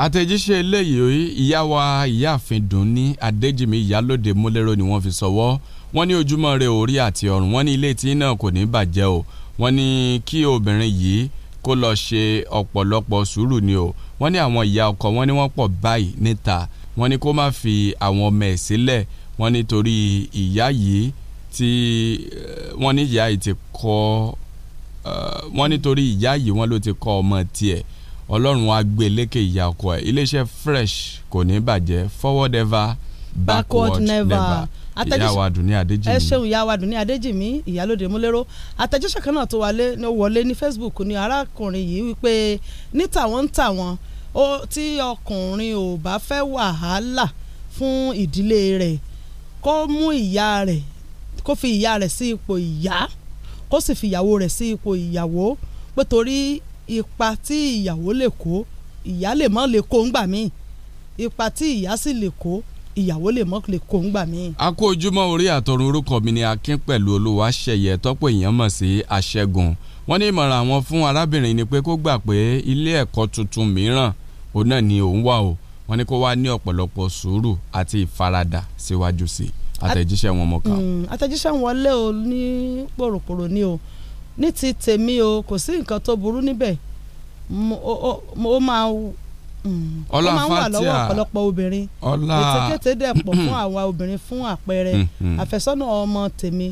àtẹ̀jíṣẹ́ eléyìí ìyá wa ìyáàfin Dùnní Adéjìmí ìyálóde múlẹ́rọ ni wọ́n fi sọwọ́ wọ́n ní ojúmọ́ rẹ̀ orí àti ọ̀run wọ́n ní ilé tí náà kò ní bàjẹ́ o wọ́n ní kí obìnrin yìí kó lọ ṣe ọ̀pọ̀lọpọ̀ sùúrù ni o wọ́n ní àwọn ìyá ọkọ wọ́n ní wọ́n pọ̀ báyìí níta wọ́n ní kó má fi àwọn ọmọ ẹ̀ sílẹ̀ wọ́n nítorí ìyá yìí tí wọ́n ní ìyá yìí ti kọ́ wọ́n nítorí ìyá yìí wọ́n ló ti kọ́ ọmọ tiẹ̀ ọlọ́run á gbé e lékè ìyá ọkọ ẹ̀ iléeṣẹ́ fresh kò ní bàjẹ́ forward ever backward, backward never. never ìyá wa dùn ní adéjìmí ẹ ṣeun ìyá wa dùn ní adéjìmí ìyálóde múlẹ́rọ́ àtẹ̀jíṣẹ́ kan náà tó wọlé ní Facebook ni arákùnrin yìí wípé ní tàwọn ń tàwọn tí ọkùnrin ò bá fẹ́ wàhálà fún ìdílé rẹ̀ kó mú ìyá rẹ̀ kó fi ìyá rẹ̀ sí ipò ìyá kó sì fi ìyàwó rẹ̀ sí ipò ìyàwó pé torí ipa tí ìyàwó lè kó ìyá lè mọ́ lè kó ńgbà míì ipa tí ìyá sì lè kó ìyàwó lè mọ́ lè kó ń gbà mí. a kó ojúmọ́ orí àtọ̀run orúkọ mi ni akin pẹ̀lú olúwa ṣẹ̀yẹ tọ́pọ̀ èèyàn mọ̀ sí aṣẹ́gun wọ́n ní ìmọ̀ràn àwọn fún arábìnrin ni pé kó gbà pé ilé ẹ̀kọ́ tuntun mìíràn òun náà ni òun wà o wọ́n ní kó wá ní ọ̀pọ̀lọpọ̀ sùúrù àti ìfaradà síwájú sí i àtẹ̀jíṣẹ́ wọn mọ̀ ká. Hmm, àtẹ̀jíṣẹ́ wọn lé o ní pòròpòrò ni o ní ti tèmi o kò sí nǹkan tó burú níbẹ̀ ó máa Mm. ọlá fatia ó máa ń wà lọ́wọ́ ọ̀pọ̀lọpọ̀ obìnrin ètekéte dẹ̀ pọ̀ fún mm. àwa obìnrin fún àpẹẹrẹ mm-hmm. àfẹ́sọ́nà ọmọ tèmi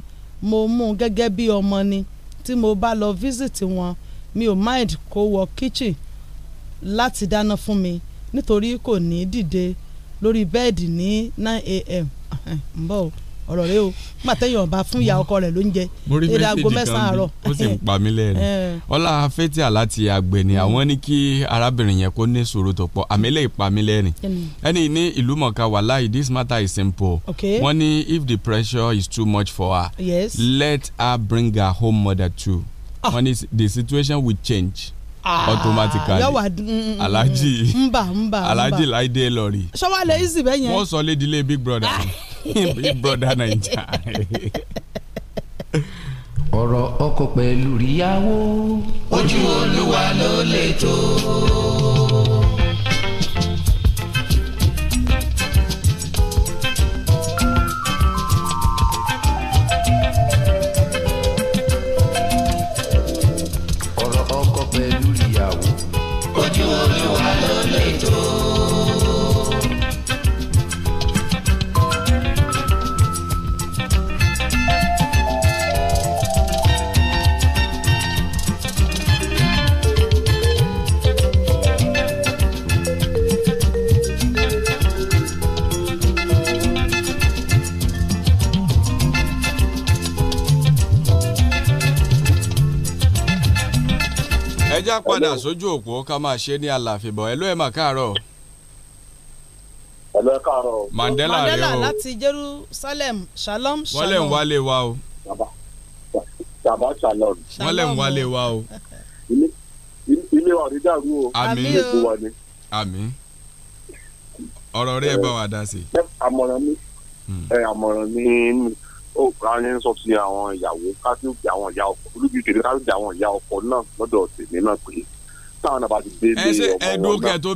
mo mú un gẹ́gẹ́ bí ọmọ ni tí mo bá lọ visit wọn mi ò mind kó wọ kitchen láti dáná fún mi nítorí kò ní dìde lórí bẹ́ẹ̀dì ní nine a.m. ń o ọ̀rọ̀ rẹ o nígbà téèyàn bá fún ìyá ọkọ rẹ̀ lóúnjẹ èdè mẹ́sàn-án àárọ̀. ó sì ń pa mí lẹ́rìn ọlá fẹ́tí àláti àgbẹ̀ ni àwọn ní kí arábìnrin yẹn kó ní sòro tó pọ̀ àmẹ́lẹ̀ ìpa mí lẹ́rìn ẹni ní ìlú mọ̀ká wàláhì this matter is simple wọ́n ní if the pressure is too much for her let her bring her home mother too ah. wọ́n ní the situation will change Ah, automatically alhaji alhaji laide lọri sọwálẹ̀ easy bẹ́ẹ̀ yẹn wọ́n sọ lédìlé big brother <laughs> big brother naija. ọ̀rọ̀ ọkọ pẹ̀lú ìyàwó ojú olúwa ló lè tó. já padà sójú òpó ká máa ṣe ní àlàfíbọ̀ ẹ ló ẹ̀ mà káàárọ̀. ẹ lọ káàárọ̀. Mandela rẹ o Mandela láti Jerusalem shalom shalom. wọ́n lẹ̀ ń wálé wa o. sàbá shalom. wọ́n lẹ̀ ń wálé wa o. ilé wa rí dàrú o. àmín àmín ọ̀rọ̀ rẹ̀ bá wa dá sí. àmọ̀ràn mi hmm. àmọ̀ràn mi ó kàn ń sọ sí àwọn ìyàwó kásìkì àwọn ìyá ọkọ olùdíje kásìkì àwọn ìyá ọkọ náà lọ́dọ̀ tèmi náà pé táwọn náà bá ti dé ilé ọmọ wọn náà ẹdùn kẹ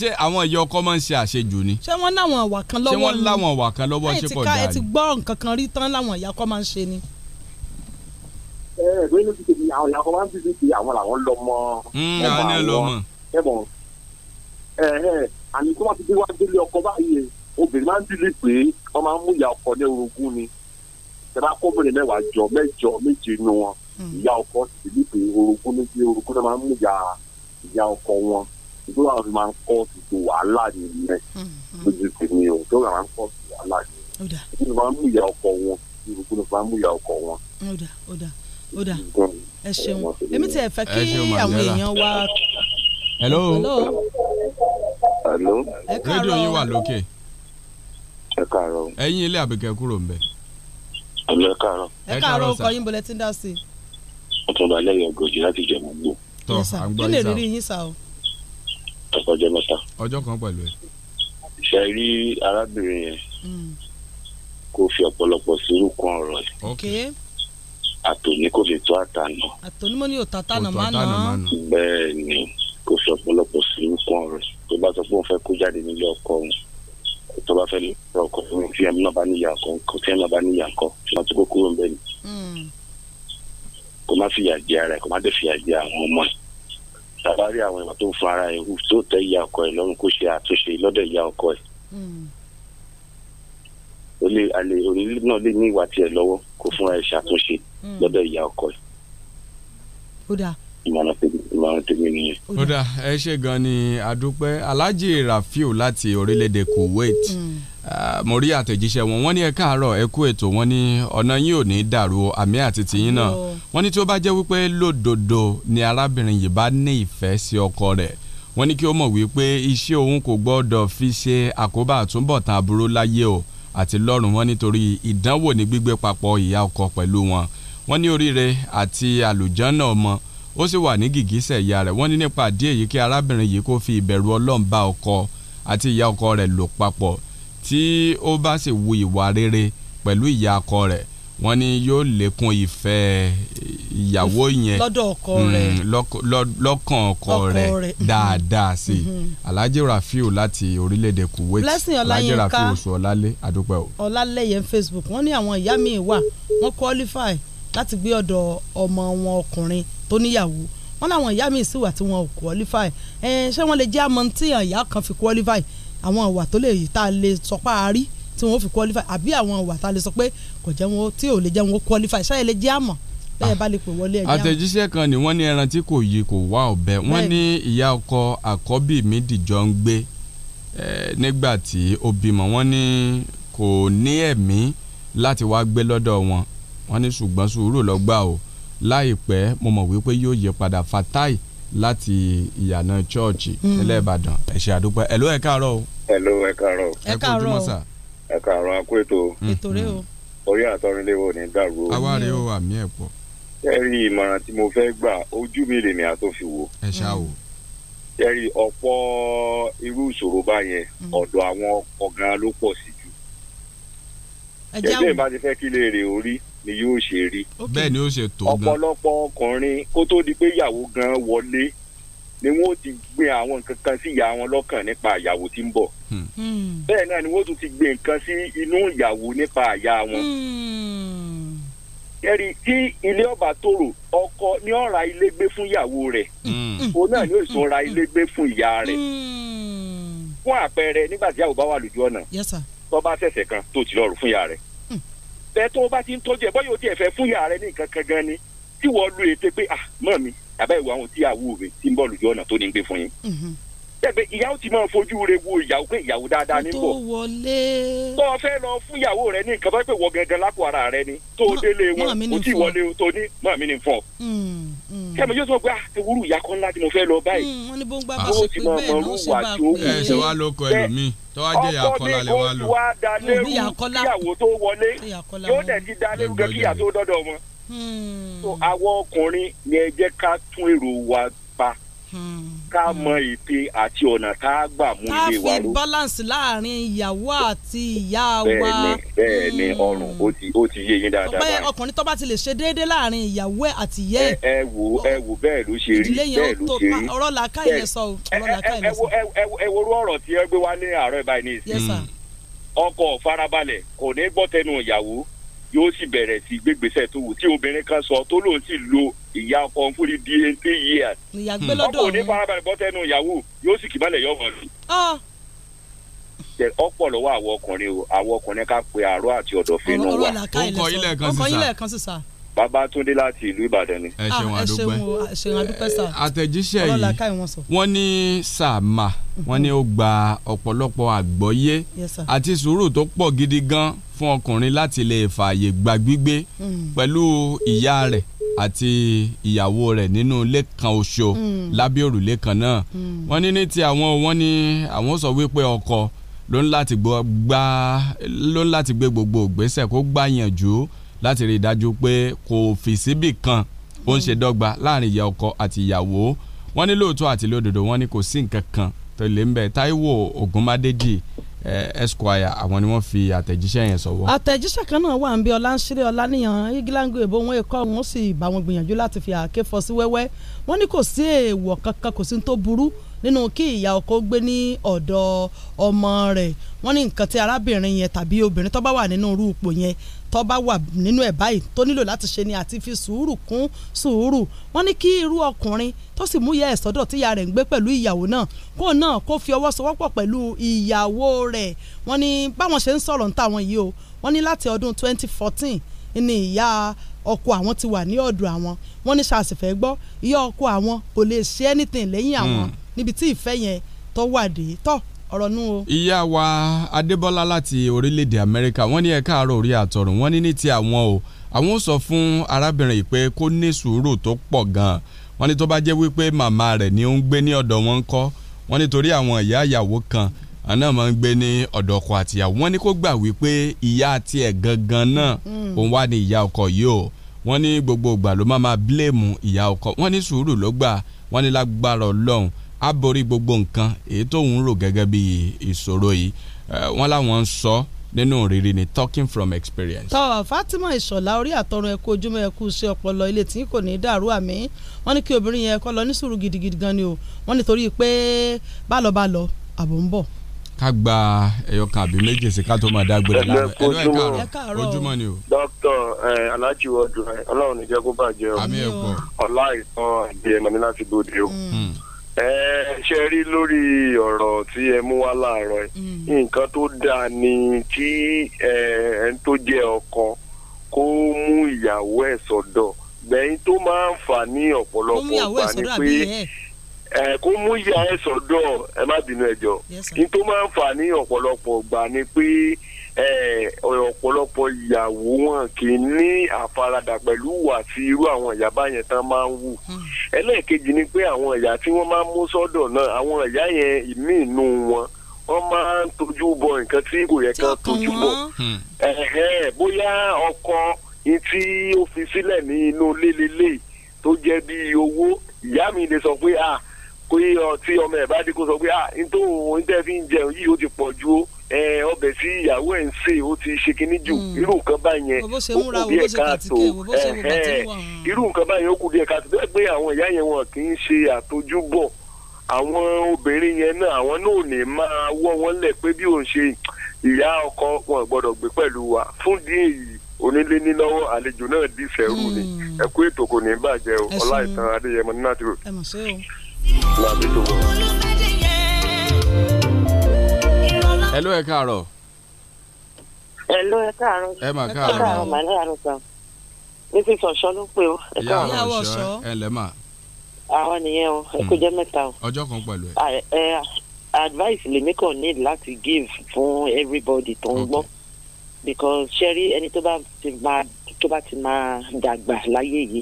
ṣé àwọn ìyá ọkọ máa ń ṣe àṣejù ni. ṣé wọ́n láwọn àwà kan lọ́wọ́ ni ṣé wọ́n láwọn àwà kan lọ́wọ́ ṣé kò ni. ẹ ti gbọ́ nǹkan kan rí tán láwọn ìyá ọkọ máa ń ṣe ni. ẹ ẹ bẹ́ẹ̀ ló ti tèmi àwọn ìyá ọkọ máa ń fi tẹ́lá kọ́bìnrin mẹ́wàá jọ mẹ́jọ méje nu wọn hmm. ìyá ọkọ sì ní pé orogún ní orogún náà máa ń mú ìyá ìyá ọkọ wọn tó àwọn fi máa ń kọ́ tuntun wàhálà nìyẹn hmm, hmm. lójú tèmi o tó àwọn máa ń kọ́ tuntun wàhálà nìyẹn tó fi máa ń mú ìyá ọkọ wọn orogún náà máa ń mú ìyá ọkọ wọn. ẹ ṣeun èmi tí ẹ fẹ́ kí àwọn èèyàn wá. hello. hello. hello. rédíò ẹ káàárọ̀. ẹ̀yin ilé àbíkẹ́ kúrò ń bẹ̀ àmì ẹ káàárọ̀. ẹ káàárọ̀ ọkọ yín bọlẹ tí ń dá sí i. wọn tún bá lẹ́yìn ọgọjì láti jẹ gbogbo. tọ à ń gbọ́ sá o kí lè rí yín sá o. ọjọ́ mẹ́ta. ọjọ́ kan pẹ̀lú ẹ. ṣe rí arábìnrin yẹn hmm. kó fi ọ̀pọ̀lọpọ̀ sírú kan ọ̀rọ̀ ẹ̀ àtòní kò lè tó àtànà. àtòní mo ní òtá tànà má nà. bẹ́ẹ̀ ni kò fi ọ̀pọ̀lọpọ̀ sírú kan ọ̀rọ̀ tó bá sọ pé òun fẹ́ kó jáde nílé ọkọ òun tó bá fẹ́ lọ kọ fún tí ẹni náà bá níyà kọ kó tí ẹni náà bá níyà kọ ṣùgbọ́n tí hmm. kò kúrò ń bẹ̀ ni. kó má fìyà jẹ ara ẹ kó má dé fìyà jẹ àwọn ọmọ ẹ tàbá rí àwọn ìwà tó ń fún ara ẹ hù tó tẹ ìyá ọkọ ẹ lọ́rùn kó ṣe àtúnṣe lọ́dọ̀ ìyá ọkọ ẹ. olè hmm. àlè onílé náà lè ní ìwà tiẹ̀ lọ́wọ́ kó fúnra ẹ ṣàtúnṣe hmm. lọ́dọ̀ ìyá ọkọ ẹ. ìmọ̀ràn tèmi ìmọ̀ràn tèmi nìyẹn. ó ẹ ṣe gan ni àdúpẹ́ Alhaji Rafiu láti orílẹ̀-èdè Kuwait hmm. mo rí àtẹ̀jíṣẹ́ wọn wọ́n ní ẹ káàárọ̀ ẹ kú ètò wọn ní ọ̀nà yín ò ní dàrú àmì àti tìyín náà wọ́n ní tí ó bá jẹ́ wípé lódodo ni arábìnrin yìí bá ní ìfẹ́ sí ọkọ rẹ̀ wọ́n ní kí ó mọ̀ wípé iṣẹ́ òun kò gbọ́dọ̀ fi ṣe àkóbá àtúbọ̀tán aburú láyé o àti lọ́run wọn nítorí ìdánwò ní gbígbé papọ̀ ìyá ó sì wà ní gìgísẹ̀ ìyá rẹ̀ wọ́n ní nípa àdí èyí kí arábìnrin yìí kó fi ìbẹ̀rù ọlọ́run bá ọkọ àti ìyá ọkọ rẹ̀ lò papọ̀ tí ó bá sì wu ìwà rere pẹ̀lú ìyá ọkọ rẹ̀ wọ́n ní yóò lékún ìfẹ́ ìyàwó yẹn hmm, lọ́kàn ọkọ rẹ̀ dáadáa sí i mm-hmm. Alhaji Rafiu láti orílẹ̀-èdè Kuwait Alhaji Rafiu Oṣuọlálé adúpẹ́ o. Ọlálẹ́yẹ Facebook wọ́n ní àwọn ìyá mi wà wọ́n qualify láti gbé ọ̀dọ̀ ọmọ wọn ọkùnrin tó níyàwó wọn làwọn ìyá mi sì wà tí wọn ò qualify ẹ ṣé wọn lè jẹ́ àmọ́ tí ìyá kan fi qualify àwọn ìwà tó lè yí tá a lè sọ pé a rí tí wọn ò fi qualify àbí àwọn ìwà tá a lè sọ pé kò jẹ́ wọn tí ò lè jẹ́ wọn qualify ṣáà lè jẹ́ àmọ́ bẹ́ẹ̀ ah, bá lè pè wọlé ẹ̀jẹ̀ àtẹ̀jíṣẹ́ kan ni wọ́n ní ẹran tí kò yí kò wá ọ̀bẹ wọ́n ní ìyá ọkọ àkọ́bí mi dìjọ ń gbé nígbà tí ó bímọ wọ́n wọ́n ní ṣùgbọ́n sùúrù lọ́gbà o láìpẹ́ mo mọ̀ wípé yóò yí padà Fatai láti ìyànà chọ́ọ̀chì nílẹ̀ hmm. Ìbàdàn ẹ ṣé àdúpẹ́ ẹ̀ló ẹ̀ káàárọ̀ o. ẹ̀ló ẹ̀ káàárọ̀ o. ẹ̀ káàárọ̀ o. ẹ̀ káàárọ̀ akó ètò o. Hmm, ètò rẹ hmm. o. orí àtọ́rinléwò ní dàrú o. àwa rèé o àmì ẹ̀ pọ̀. ẹ rí ìmọ̀ràn tí mo fẹ́ gbà ojú mi lèmi àtòfin wo. ẹ ṣáà o ẹ̀rí ọ̀pọ̀ irú ìṣòro báyẹn ọ̀dọ̀ àwọn ọ̀gá ló pọ̀ sí jù. ẹ̀jẹ̀ bá ti fẹ́ kí lè rè orí ni yóò ṣe rí. bẹ́ẹ̀ ni ó ṣe tó gan. ọ̀pọ̀lọpọ̀ ọkùnrin kó tó di pé ìyàwó gan wọlé ni wọ́n ti gbin àwọn nǹkan kan sí ìyá wọn lọ́kàn nípa ìyàwó tí ń bọ̀. Hmm. Hmm. bẹ́ẹ̀ náà ni wọ́n tún ti gbin nǹkan sí inú ìyàwó nípa àyà wọn. Hmm. ẹ̀rí tí ilé ọba tòrò ọkọ ni ó ra ilé gbé fún ìyàwó rẹ̀ òun náà ni ó sì ra ilé gbé fún ìyá rẹ̀. fún àpẹẹrẹ nígbà tí ìyàwó bá wà lójú ọ̀nà tó bá ṣẹ̀ṣẹ̀ kan tó ti lọ́ọ̀rù fún ìyá rẹ̀ bẹ́ẹ̀ tó o bá ti ń tọ́jú ẹ̀ bọ́ yóò tiẹ̀ fẹ́ fún yàrá rẹ ní nǹkan kan gan ni tí wọ́n lu ète pé ah mọ̀ mi àbá àwọn tí àwù rẹ̀ ti ń bọ̀ lójú ọ̀nà tó ní gbé fún yín mhm ẹgbẹ́ ìyàwó ti máa fojú rẹ wo ìyàwó pé ìyàwó dáadáa ní bọ̀. tó o fẹ́ lọ fún ìyàwó rẹ ní nǹkan tó pé wọ gangan lápò ara rẹ ni tó o délé wọn o ti wọlé o tó ní mọ̀ mí ni fọ́. kẹ́mi hmm, hmm. yóò sọ pé ah, ewúrú ìyá kan ńlá tí mo fẹ́ lọ báyìí. Hmm, wọ́n ní bó ń gbá ah, bá ṣe pé bẹ́ẹ̀ ló ṣe ẹ ṣe wá ló kọ ẹlòmíì tó wá jẹ́ ìyá lè wá lò. ọkọ mi ó wá dalérú kíyàwó tó wọlé yóò dẹ̀ ti dalérú kíyà ká mọ ète àti ọ̀nà tá a gbà mú ilé wa ró. ká fi balance láàrin ìyàwó àti ìyá wa. bẹ́ẹ̀ni bẹ́ẹ̀ni hmm. ọrùn ó ti ó ti yé yín dáadáa. ọpẹ ọkùnrin tó bá ti lè ṣe déédéé láàrin ìyàwó ẹ àti ìyá ẹ. ẹ wo ẹ wo bẹ́ẹ̀ ló ṣe rí bẹ́ẹ̀ ló ṣe rí. ọ̀rọ̀ làákà yẹn sọ ọ̀rọ̀ làákà yẹn sọ. ẹ wo ọ̀rọ̀ tí ẹ gbé wá ní àárọ̀ ìbáyìí ní ìsìn ọkọ farabalẹ̀ kò ní gbọ́ tẹnu ìyàwó yóò sì bẹ̀rẹ̀ sí gbégbèsè tó wù tí obìnrin kan sọ tó lóun sì lo ìyá ọkọ fún ní di eighteen years. ìyá gbẹlọdọ ọkọ ní farabalẹ̀ bọ́ tẹnu ìyàwó yóò sì kìbálẹ̀ yọ ọmọ rẹ̀. ọ̀pọ̀ lọ́wọ́ àwọn ọkùnrin o àwọn ọkùnrin ká pe àárọ̀ àti ọ̀dọ̀fin náà wà. ọkọ ilẹ̀ kan sísà Babátúndé láti ìlú Ìbàdàn ni. ẹ ṣeun àdúpẹ́ ah, ẹ ṣeun àdúpẹ́ sà. Eh, àtẹ̀jíṣẹ́ yìí wọ́n ní sàmà wọ́n ní ó gba ọ̀pọ̀lọpọ̀ àgbọ́yé àti sùúrù tó pọ̀ gidi gan fún ọkùnrin láti lè fààyè gba gbígbé hmm. pẹ̀lú ìyá rẹ̀ àti ìyàwó rẹ̀ nínú ilé kan oṣù hmm. lábẹ́ òrùlé kan náà hmm. wọ́n ní ní ti àwọn wọ́n ní àwọn sọ wípé ọkọ ló ń láti gbé gbogbo ìgbésẹ̀ kó gbàyànjú láti rí i dájú pé kò fi síbì kan ó ń ṣe dọ́gba láàrin ìyá ọkọ àti ìyàwó wọ́n ní lóòótọ́ àti lódodo wọ́n ní kò sí nǹkan kan tó lè ń bẹ Táíwò Ògúnmádéjì Esquire àwọn ni wọ́n fi àtẹ̀jíṣẹ́ yẹn sọ̀wọ́. àtẹ̀jíṣẹ́ kan náà wà ń bí ọláńṣẹ́rẹ́ ọláníyàn igilango èbó wọn èkó wọn sì bá wọn gbìyànjú láti fi àáké fọ́ sí wẹ́wẹ́ wọ́n ní kò sí èèwọ̀ kankan kò sí ní tó burú nínú kí ìyá ọkọ gbé ní ọ̀dọ̀ ọmọ rẹ̀ wọ́n ní nǹkan tí arábìnrin yẹn tàbí obìnrin tó bá wà nínú irú ipò yẹn tó bá wà nínú ẹ̀ báyìí tó nílò láti ṣe ni àti fi sùúrù kún sùúrù wọ́n ní kí irú ọkùnrin tó sì mú ìyá ẹ̀ sọ́dọ̀ tíya rẹ̀ ń gbé pẹ̀lú ìyàwó náà kó náà kó fi ọwọ́ sowọ́pọ̀ pẹ̀lú ìyàwó rẹ̀ wọ́n ní báwọn ṣe ń sọ̀rọ̀ ń tàwọn yìí o wọ́n ní láti ọdún 2014 ni ìyá ọkọ àwọn ti wà ní ọ̀dọ̀ àwọn wọ́n ní ṣàṣìfẹ́ gbọ́ ìyá ọkọ àwọn kò lè ṣe anything lẹ́yìn àwọn hmm. níbi tí ìfẹ́ yẹn tó wà dé tọ́ ọ̀rọ̀ nù o. ìyá wa adébọ́lá láti orílẹ̀-èdè amẹ́ríkà wọ́n ní ẹ káàárọ̀ orí àtọ̀rùn wọ́n ní ní ti àwọn o àwọn ò sọ fún arábìnrin yìí pé kó ní sùúrù tó pọ̀ gan-an wọ́n ní tó bá jẹ́ wípé màmá rẹ̀ ni ó ń gbé ní ọ̀dọ̀ wọn ńkọ́ wọ́n ní torí àwọn ìyá ìyàwó kan àná máa ń gbé ní ọ̀dọ̀ ọkọ àtìyàwó wọ́n ní kó gbà wípé ìyá tiẹ̀ gangan náà mm. òun wá ní ìyá ọkọ yìí o wọ́n ní gbogbo ìgbà ló máa máa bílèmù ìyá ọkọ wọ́n ní sùúrù ló gbà wọ́n ní lágbára ọlọ́run á borí gbogbo nǹkan èyí tóun rò gẹ́gẹ́ bí ìṣòro yìí wọ́n láwọn ń sọ nínú òrìrì ni talking from experience. tọ́ Fatima Ìṣọ̀lá orí àtọrun ẹ̀kú ojúmọ́ ẹ̀kú sí ọpọlọ ilé tí kò ní dàrú àmì wọ́n ní kí obìnrin yẹn kó lọ ní sùúrù gidigidi gan ni o wọ́n nítorí pé bálọ̀bálọ̀ àbò ń bọ̀ ká gba ẹyọ àbí méje sí ká tó máa dágbére lára ẹ káàárọ̀ ojúmọ́ ni o. dókítà aláàjì wọ́ọ̀dù ọlọ́run ní kó bàjẹ́ o ọlá ìtàn àgbẹ̀ mọ̀nìlá ti gbòde o. Hmm. Hmm ẹ ṣe rí lórí ọ̀rọ̀ tí ẹ mú wá láàárọ̀ ẹ̀ mm. nǹkan tó dáa ni tí ẹni tó jẹ́ ọkọ kó mú ìyàwó ẹ̀ sọ́dọ̀ gbẹ̀yìn tó máa ń fà ní ọ̀pọ̀lọpọ̀ ọ̀gbà ni pé ẹ kó mú ìyá ẹ̀ sọ́dọ̀ ẹ má bínú ẹ̀jọ̀ ní tó máa ń fà ní ọ̀pọ̀lọpọ̀ ọ̀gbà ni pé ọ̀pọ̀lọpọ̀ ìyàwó wọn kì í ní àfaradà pẹ̀lú wà sí irú àwọn ìyá báyẹn tán máa ń wù. Hmm. ẹlẹ́ẹ̀kejì ni pé àwọn ìyá tí wọ́n máa ń mú sọ́dọ̀ náà àwọn ìyá yẹn ìmí inú wọn wọ́n máa ń tójú bọ nǹkan tí kò yẹ kán tójú bọ. Hmm. Hmm. bóyá ọkọ ní tí ó fi sílẹ̀ ní inú lélelé tó jẹ́ bí owó ìyá mi lè sọ pé ah kó tí ọmọ ẹ̀ bá dé kó sọ pé ah nítorí òun fi ń jẹun yìí ó ti pọ̀ ju ó ọbẹ̀ tí ìyàwó ẹ̀ ń sè ó ti ṣe kinní jù irú nǹkan báyẹn ó kù díẹ̀ káàtó irú nǹkan báyẹn ó kù díẹ̀ káàtó bẹ́ẹ̀ pé àwọn ìyá yẹn wọn kì í ṣe àtojúbọ̀ àwọn obìnrin yẹn náà àwọn náà ò ní máa wọ́ wọn lẹ̀ pé bí òun ṣe ìyá ọkọ wọn gbọ́dọ̀ gbé pẹ̀lú wa fún díẹ̀ yìí onílé nílọ́wọ́ àlejò náà di fẹ́rù ni hmm. ẹ ètò kò ní bàjẹ́ o adéyẹmọ nínú àti rò. ẹ mọ̀ sí o. ẹ ló ẹ káàárọ̀. ẹ ló ẹ káàárọ̀. ẹ mà káàárọ̀. ẹ káàárọ̀ mà ní àrùkàn. mrs ọ̀ṣọ́ ló pè ó. ìyàwó ọ̀ṣọ́ ẹ lẹ́ mà. àwọn nìyẹn o ẹ hmm. kó jẹ́ mẹ́ta o. ọjọ́ kan pẹ̀lú ẹ. advice lèmi kàn need láti give fún everybody tó ń gbọ́ because ṣẹ́rí ẹni tó bá ti máa tó bá ti máa dàgbà láyé yìí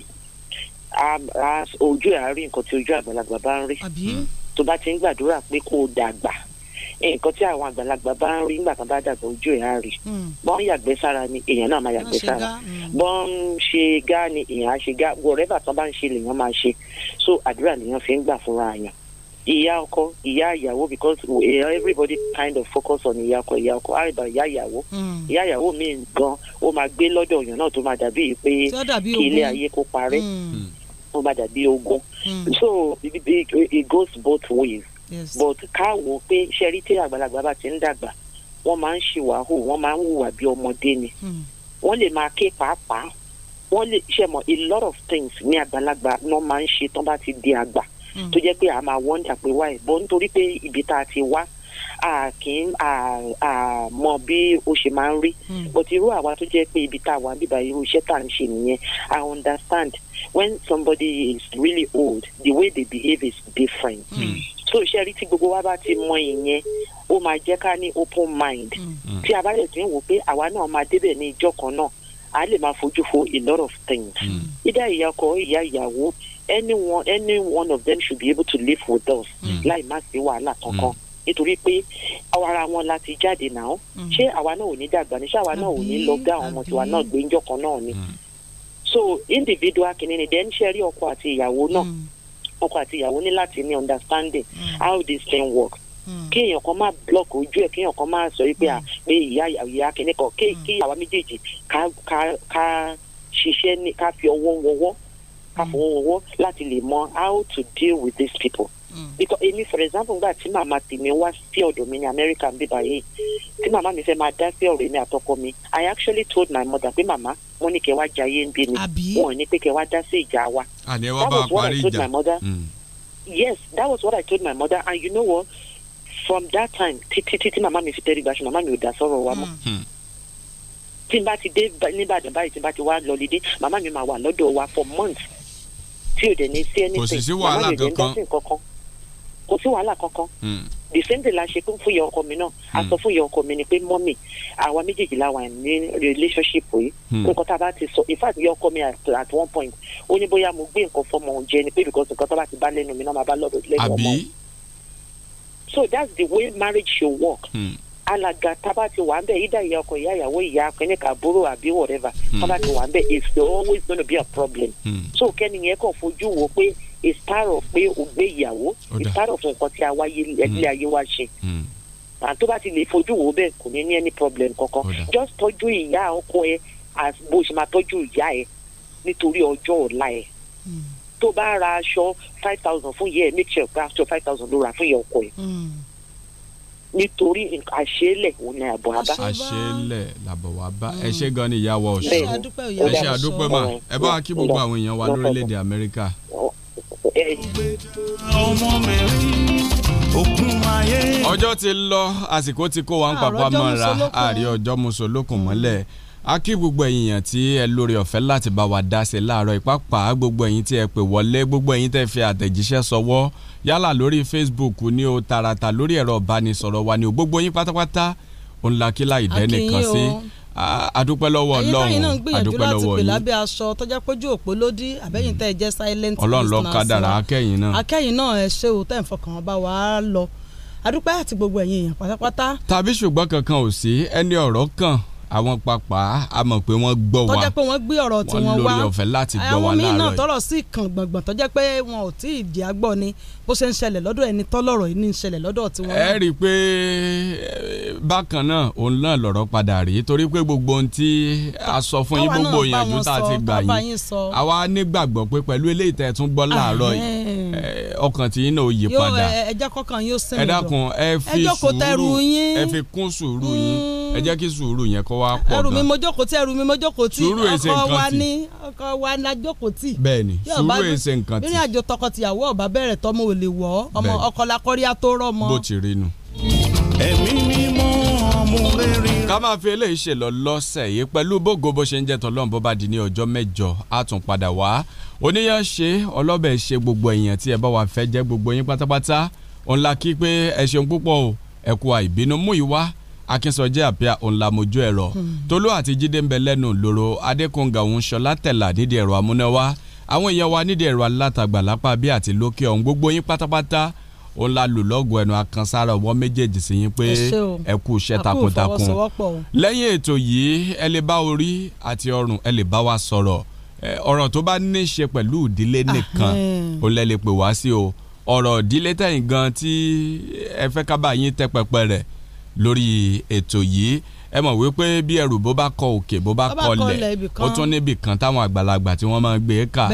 ojú ẹ̀ á rí nǹkan tí ojú àgbàlagbà bá ń rí hmm. tó bá ti ń gbàdúrà pé kó o dàgbà nǹkan tí àwọn àgbàlagbà bá ń rí nígbà kan bá dàgbà ojú ẹ̀ á rí hmm. bọ́n ń yàgbẹ́ sára ni èèyàn náà máa yàgbẹ́ sára hmm. bọ́n ń ṣe gá ni èèyàn á ṣe gá wọ̀rẹ́bà tán bá ń ṣe lèèyàn máa ṣe so àdúrà nìyàn fi ń gbà fúnra àyàn ìyá ọkọ ìyá ìyàwó because everybody kind of focus on ìyá ọkọ ìyá ọkọ àìbá ìyá ìyàwó hmm. ìyá ìyàwó mi gan ó máa gbé lọ́dọ̀ èèyàn náà tó máa dàbí pé kí ilé ayé kó parẹ́ ó máa dàbí ogun so it goes both ways but ká wò ó pé ṣe rí tí àgbàlagbà bá ti ń dàgbà wọ́n máa ń ṣìwàhù wọ́n máa ń hùwà bí ọmọdé ni hmm. wọ́n lè máa ké pàápàá wọ́n lè ṣe mọ̀ a lot of things ní àgbàlagbà ni wọ́n máa ń ṣe tán bá ti di àgbà hmm. tó jẹ́ pé a máa wonder pé why bọ́ nítorí pé ibi tá a ti wá a kì í a mọ bí o ṣe máa ń rí hmm. but irú àwa tó jẹ́ pé ibi tá a wà bíbá irú iṣẹ́ tá à ń ṣe nìyẹn I understand when somebody is really old the way they behave is different. Mm so iṣẹ́ rí tí gbogbo wa bá ti mọ ìyẹn ó máa jẹ́ ká ní open mind mm. Mm. tí a bá lè ti ń wò pé àwa náà máa débẹ̀ ní ìjọ kan náà a lè máa fojú fo a lot of things ìdá mm. ìyá ọkọ ìyá ìyàwó anyone any one of them should be able to live with us láì má sí wàhálà kankan nítorí pé ara wọn la ti jáde náà ṣé àwa náà ò ní dàgbà ni ṣé àwa náà ò ní lọ gá àwọn ọmọ tiwa náà gbé ńjọ kan náà ni so individual kìnìún ni then ṣe rí ọkọ àti ìyàwó náà ọkọ àti ìyàwó ní láti ní understanding mm. how this thing work hmm. kéèyàn kan máa block ojú ẹ kéèyàn kan máa sọ pé hmm. pé ìyá ìyá kìnìkan kí hmm. àwa méjèèjì ká ṣiṣẹ́ ká fi ọwọ́ wọwọ́ ká láti lè mọ how to deal with these people. Mm. because èmi for example nígbà tí màmá tèmi wá sí ọ̀dọ̀ mi ní America ń bíbá yìí tí màmá mi fẹ́ máa dá sí ọ̀rọ̀ èmi àtọkọ mi I actually told my mother pé màmá mo ní kẹ́ wá jayé ń bí mi wọn ní pé kẹ́ wá dá sí ìjà wa. àní ẹ wá bá a parí ìjà mm. yes that was what I told my mother and you know what from that time títí títí màmá mi fi tẹ́rí gbaṣọ màmá mi ò dá sọ̀rọ̀ wa mọ́ mm. hmm. tí n bá ti dé níbàdàn báyìí tí n bá ti wá lọ lédè màmá mi máa wà lọ́dọ̀ wa for months tí ò dẹ̀ ní sí ẹni pé màmá yóò dẹ̀ ń dá sí nǹkan kan kò sí wàhálà kankan hmm. the same thing la ṣe fún ìyá ọkọ mi náà a hmm. sọ fún ìyá ọkọ mi ni pé mọ́mì àwa méjèèjì la ní relationship yìí hmm. nǹkan tá a bá ti sọ in fact ìyá ọkọ mi at one point ó ní bóyá mo gbé nǹkan fọmọ òun ni pé because nǹkan tó bá ti bá lẹ́nu mi náà máa bá lọ́dọ̀ lẹ́nu ọmọ so that's the way marriage should work. Hmm alàgbà tábà ti wà ń bẹ ìdá ìyá ọkọ ìyá ìyàwó ìyá akẹ́ni kàbúrò àbí whatever hmm. tábà ti wà ń it's always gonna be a problem. Mm. so kẹ́ni yẹn kàn fojú wo pé it's part of pé o gbé ìyàwó it's part of nǹkan tí awáyé hmm. ilé ayé wa ṣe àti hmm. tó bá ti lè fojú wo bẹ́ẹ̀ kò ní ní any problem kankan just tọ́jú ìyá ọkọ ẹ as bó ṣe máa tọ́jú ìyá ẹ nítorí ọjọ́ ọ̀la ẹ tó bá ra aṣọ five thousand fún yẹ make sure pé aṣọ five thousand ló ra fún yẹ ọkọ ẹ nítorí nǹkan àṣeélẹ̀ òun ni àbọ̀ wa bá. àṣeélẹ̀ làbọ̀ wa bá ẹ mm. ṣé gan ni ìyá wa ẹ ṣé àdúpẹ́ mà ẹ bá kí gbogbo àwọn èèyàn wa lórílẹ̀‐èdè amẹ́ríkà. ọjọ́ ti lọ àsìkò ti kó wa ń ah, papá mọ́ra àrí ọjọ́ mọ́sọ̀ lókùn mọ́lẹ̀ a kí gbogbo èèyàn tí ẹ lórí ọ̀fẹ́ láti bá wa dá láàárọ̀ ìpápá gbogbo ẹ̀yin tí ẹ pè wọlé gbogbo ẹ̀yin tẹ́ fi àtẹ̀jíṣẹ́ sọwọ́ yálà lórí Facebook ní o tààràtà lórí ẹ̀rọ ìbánisọ̀rọ̀ wa ní o gbogbo yín pátápátá òun la kí láì dẹ́ sí adúpẹ́ lọ́wọ́ ọlọ́run adúpẹ́ lọ́wọ́ yìí. ẹ̀yin táyì náà ń gbìyànjú láti pè lábẹ́ aṣọ tọ́já pójú òpó lódì àbẹ́yìn tẹ́ ẹ jẹ́ silent listener lọ kádàrá akẹ́yìn náà akẹ́yìn náà ẹ ṣe òótọ́ ìfọkàn bá wa lọ adúpẹ́ àti gbogbo ẹ̀yin èèyàn pátápátá. tàbí ṣùgbọ́n kankan ò sí ẹni ọ̀rọ̀ kan àwọn pàpà a mọ̀ pé wọ́n gbọ́ wa tọ́jà pé wọ́n gbé ọ̀rọ̀ tí wọ́n wá wọ́n lórí ọ̀fẹ́ láti gbọ́ wa láàárọ̀ yìí àwọn míì náà tọrọ sí kan gbọ̀ngbọ̀n tọ́jà pé wọn ò tí ì di agbọ́ ni bó ṣe ń ṣẹlẹ̀ lọ́dọ̀ ẹni tọ́lọ̀rọ̀ yìí ní ń ṣẹlẹ̀ lọ́dọ̀ tí wọ́n. ẹ rí i pé eh, bákan náà òun náà lọ̀rọ̀ padà rí torí pé gbogbo ohun tí a sọ fún yín gbogbo ìyànjú tá a ti gbà yín àwa nígbàgbọ́ pé pẹ̀lú eléyìí tẹ́ tún gbọ́ wa pọ̀ gan. ẹrù mi mo jókòó tí ẹrù mi mo jókòó tí ọkọ wa ní ọkọ wa ní ajókòó tí. bẹ́ẹ̀ni sùúrù èsè nǹkan tí. ìrìn àjò tọkọtìyàwó ọba bẹ̀rẹ̀ tọmọ ò lè wọ ọmọ ọkọ lakọríà tó rọ mọ. bó ti rí nu. ẹ̀mí mímọ́ ọmú rere. ká máa fi eléyìí ṣe lọ lọ́sẹ̀ yìí pẹ̀lú bógo bó ṣe ń jẹ́ tọ́lọ́run bó bá di ní ọjọ́ mẹ́jọ á wá oníyàn ọlọ́bẹ̀ ṣe gbogbo èèyàn tí ẹ bá wà fẹ́ jẹ́ gbogbo yín pátápátá òun la kí pé ẹ ṣeun púpọ̀ o ẹ àìbínú mú ìwá akínsọjí àbíà òun la mojú ẹ̀rọ hmm. tolú àti jíde ń bẹ lẹ́nu lóró adékùnga òun ṣọlá tẹ̀là nídìí ẹ̀rọ amúnáwá àwọn èèyàn wa nídìí ẹ̀rọ alátagbà lápá bí àti lókè ọ̀hún gbogbo yín pátápátá ó la lù lọ́gùn ẹnu akansara ọwọ́ méjèèjì sí yín pé ẹ kú iṣẹ́ takuntakun lẹ́yìn ètò yìí ẹ lè bá orí àti ọrùn ẹ lè bá wa sọ̀rọ̀ ọ̀rọ̀ tó bá ní í ṣe pẹ̀lú ìdílé nìkan ó lẹ́ lè pè wá sí o ọ̀rọ̀ ìdílé tẹ̀yìn gan tí ẹ fẹ́ ká bá yín tẹ́ pẹpẹ rẹ̀ lórí ètò yìí ẹ mọ̀ wípé bí ẹrù bó bá kọ òkè bó bá kọlẹ̀ ó tún níbì kan táwọn àgbàlagbà tí wọ́n máa ń gbé kà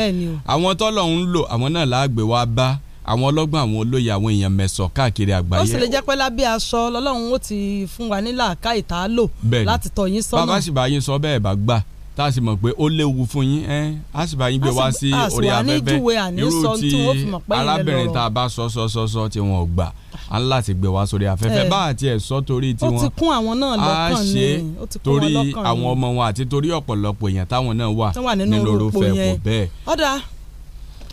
àwọn tọ́lọ̀ ń lò àwọn náà láàgbé wá bá àwọn ọlọ́gbọ́n àwọn olóye àwọn èèyàn mẹ́sàn káàkiri àgbáyé. ó sì lè jẹ́ pé lábẹ́ aṣọ lọ́lọ́run ó ti fún wa ní làákà ìtàlò láti tọ́ sọ́nà. bàbá sì bá yín sọ bẹ́ẹ̀ bá gbà tá a sì mọ̀ pé ó léwu fún yín ẹ́ a sì bá yín gbé wá sí orí afẹ́fẹ́ irú tí arábìnrin tá a bá sọ sọ sọ sọ tí wọn ò gbà á láti gbé wá sórí afẹ́fẹ́ bá àti ẹ̀ sọ torí tiwọn ó ti kún àwọn náà lọ́kàn ni ó ti kún wọn lọ́kàn ni torí àwọn ọmọ wọn àti torí ọ̀pọ̀lọpọ̀ èèyàn táwọn náà wà nínú orúfẹ́ kò bẹ́ẹ̀. ọ̀dà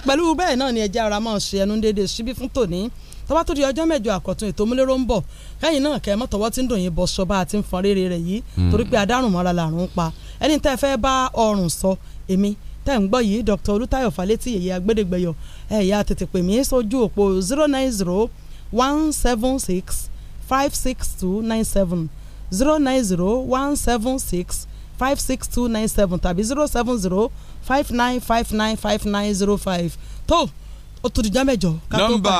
pẹ̀lú bẹ́ẹ̀ náà ni ẹja ara máa ṣe ẹnu déédéé síbí fún tòní tọ́ba tó di ọjọ́ mẹ́jọ àkọ́tún ètò múlẹ́rọ́ ń bọ̀ kẹ́yìn náà kẹ́ mọ́tọ́wọ́ tí ń dùn yín bọ́ sọ bá a ti ń fọn rere rẹ̀ yìí hmm. torí pé adárùnmọ́ra làrùn ń pa ẹni tẹ́ fẹ́ bá ọrùn sọ èmi tẹ́ ń gbọ́ yìí Dr Olútáyọ̀ Fálétí yèyé agbẹ́dẹ́gbẹ́yọ ẹ̀yà tètè pè mí sójú òpó zero nine zero one seven six five six two nine seven zero nine zero one seven six five six two nine seven tàbí zero seven zero five nine five nine five nine zero five tó ó tún dijá mẹ́jọ. nọ́mbà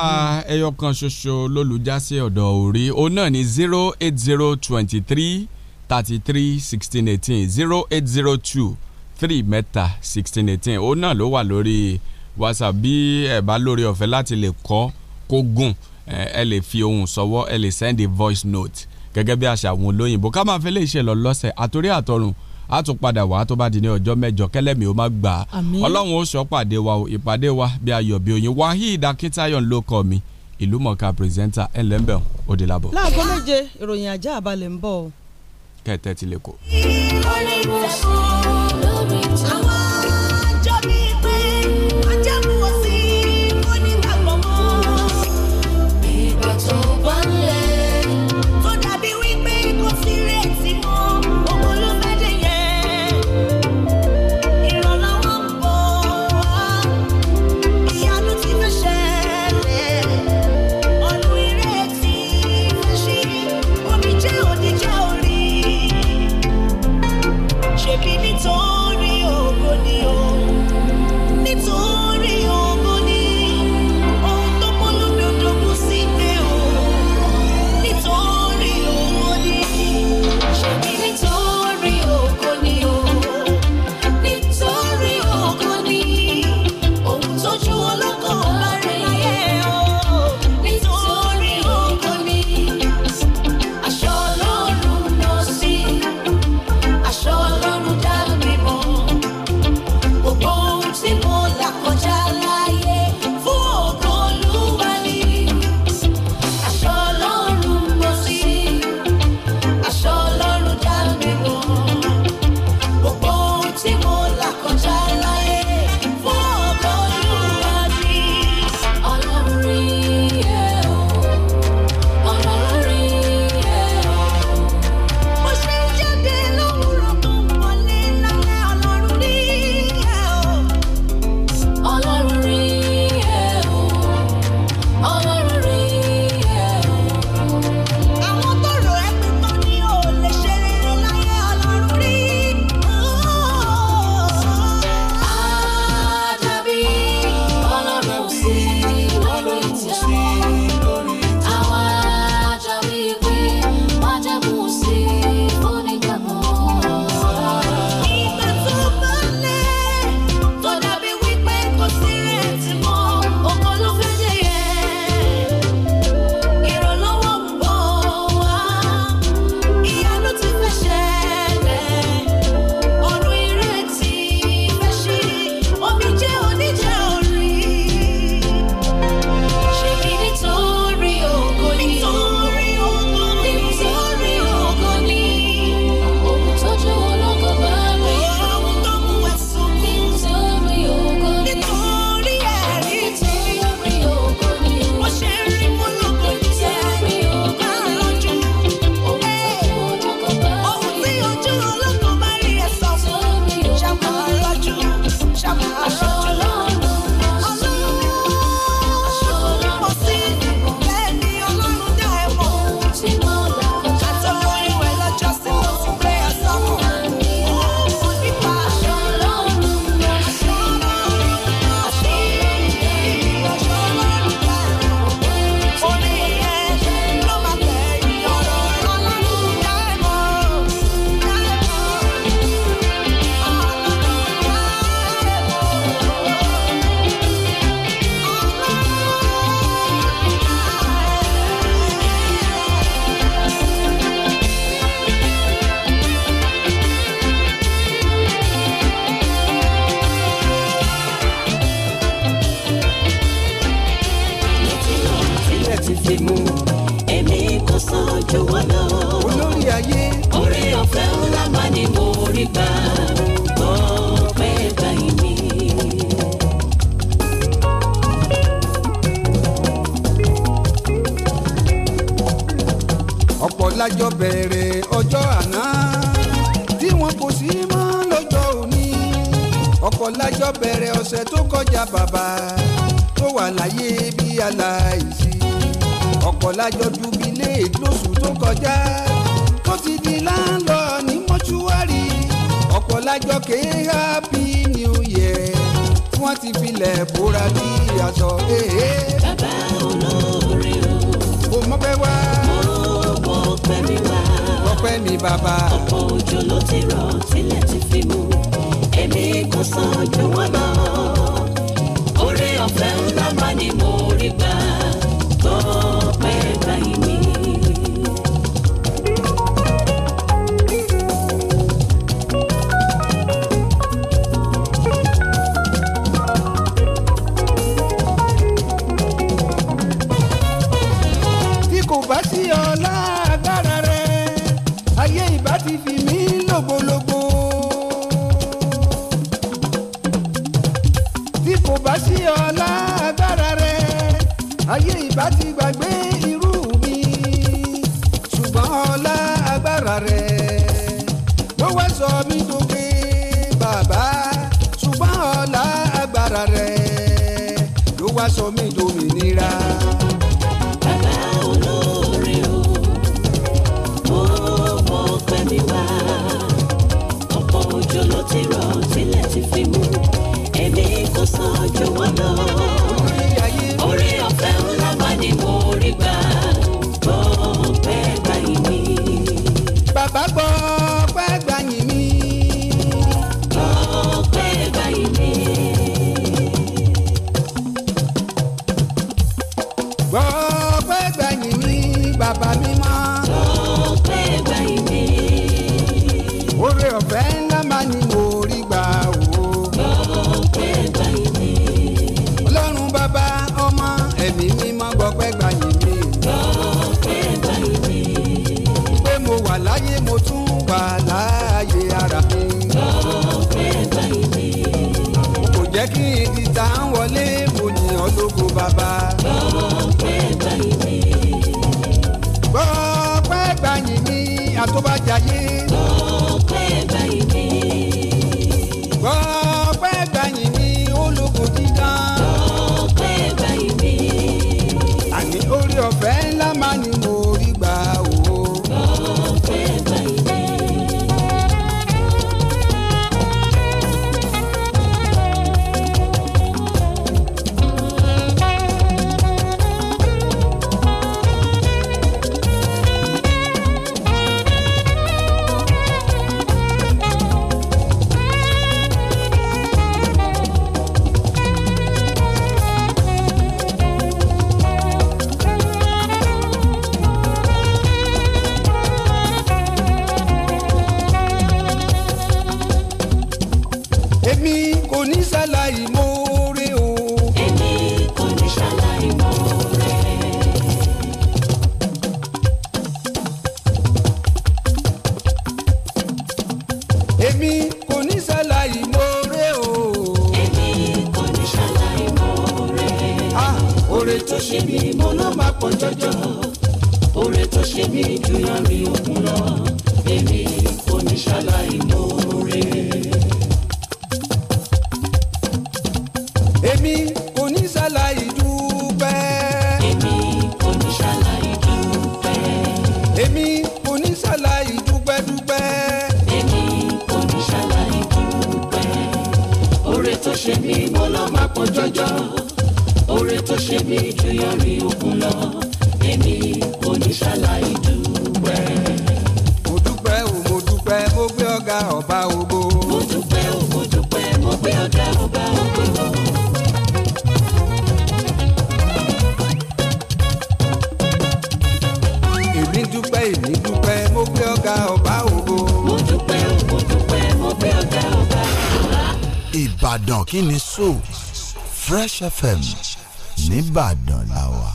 ẹyọ kan ṣoṣo lólùjásí ọ̀dọ̀ òrí òun náà ní zero eight zero twenty three thirty three sixteen eighteen zero eight zero two three mẹ́ta sixteen eighteen òun náà ló wà lórí whatsapp bí ẹ bá lórí ọ̀fẹ́ láti lè kọ́ kó gùn ẹ lè fi ohùn sọwọ́ ẹ lè send a voice note gẹ́gẹ́ bí àṣà àwọn olóyìnbó ká máa fẹ́ lè ṣe lọ lọ́sẹ̀ àtòrí àtọrùn a tún padà wá tó bá di ní ọjọ́ mẹ́jọ kẹlẹ́mi ó má gbà á ọlọ́run ó sọ pàdé wa o ìpàdé wa bí ayọ̀ bí oyin waheed akíntáyọ̀ ló kọ́ mi ìlú mọ̀ọ́ká pírẹsẹ́ńtà ẹ̀ lẹ́ńbẹ̀ọ́ òde làbọ̀. láago méje ìròyìn ajá àbálẹ̀ ń bọ̀ o. пять легу. sí mọ́ lọ́jọ́ òní ọkọ̀ lájọ́ bẹ̀rẹ̀ ọ̀sẹ̀ tó kọjá bàbá tó wà láyé bí aláìsí ọkọ̀ lájọ́ jubilé lóṣù tó kọjá tó ti di láńlọ ní mọ́ṣúárì ọkọ̀ lájọ́ ké happy new year tí wọ́n ti filẹ̀ bóra bí aṣọ. bàbá olóore o. mo mọ̀ pé wá. mo mọ̀ pé mi wá ọpẹ́ mi bàbá. ọ̀pọ̀ òjò ló ti rọ̀ tilẹ̀ ti fi mú èmi kò san jù wọ́n lọ. oore ọ̀fẹ́ ńlá má ni mo rí gbà. sọ mí dòmìnira. o mo mọ fẹmi wá ọ̀pọ̀ òjò ló ti rọ̀ tilẹ̀ ti Whoa! FM nìbàdàn làwà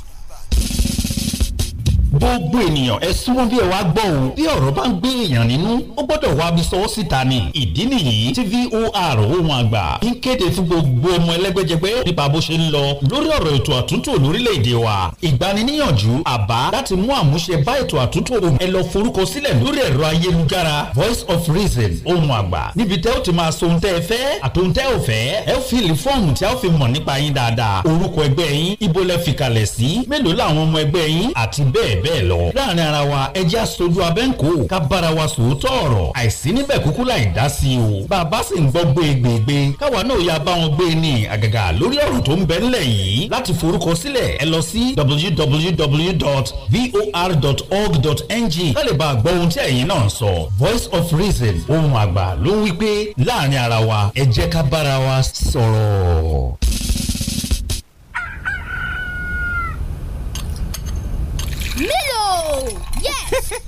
gbogbo ènìyàn ẹ súnmọ́ bí ẹ wá gbọ́ o bí ọ̀rọ̀ bá ń gbé èèyàn nínú ó gbọ́dọ̀ wá bí sọ́wọ́ síta ni ìdí nìyí tí VOR ohun àgbà ń kéde fún gbogbo ọmọ ẹlẹ́gbẹ́jẹgbẹ́ nípa bó ṣe ń lọ lórí ọ̀rọ̀ ètò àtúntò lórílẹ̀‐èdè wa ìgbaniníyànjú àbá láti mú àmúṣe bá ètò àtúntò ohun ẹ lọ forúkọ sílẹ̀ lórí ẹ̀rọ ayélujára Voice of Reason ohun àgbà níbi tẹ́ ó ti máa so ohun tẹ́ ẹ fẹ́ àtohun tẹ́ ò fẹ́ ẹ ó fìlì fọ́ọ̀mù tí a fi mọ̀ nípa yín dáadáa orúkọ ẹgbẹ́ yín ibo lẹ fi kalẹ̀ sí mélòó làwọn ọmọ ẹgbẹ́ yín àti bẹ́ẹ̀ bẹ́ẹ̀ lọ ọ̀rọ̀ láàrin ara wa ẹjẹ́ aṣojú abẹ́ǹkó ká bára wa sòótọ́ ọ̀rọ̀ àìsí níbẹ̀ kúkú láì dá sí o bàbá sì ń gbọ́ gbégbégbé káwa náà yà bá wọn gbé ní àgàgà lórí ọ̀rọ̀ tó ń bẹ ńlẹ̀ yìí láti forúkọ sílẹ̀ ẹ lọ sí www.vor.org.ng ká lè bá a gbọ́ ohun tí ẹ̀yin náà sọ voice of reason ohun àgbà ló ń wí pé láàrin ara wa ẹ jẹ́ ká bára wa sọ̀rọ̀. Miller!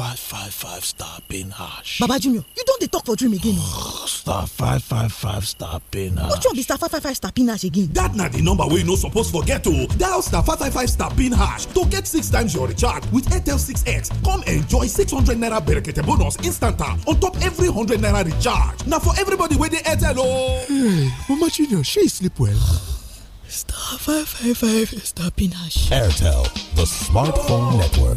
five five five stop being harsh. Baba Junior, you don't dey talk for dream again o. <sighs> star five five five star pin hash. Which one be star five five five stop being harsh again? That na the number wey you no suppose forget o. Dial star five five five stop being harsh to get six times your recharge with Airtel 6x. Come enjoy six hundred naira berekete bonus instant on top every hundred naira recharge. Now for everybody wey dey Airtel o. Hey, Mama Junior, she sleep well? Star five five five stop being harsh. Airtel, the smartphone network.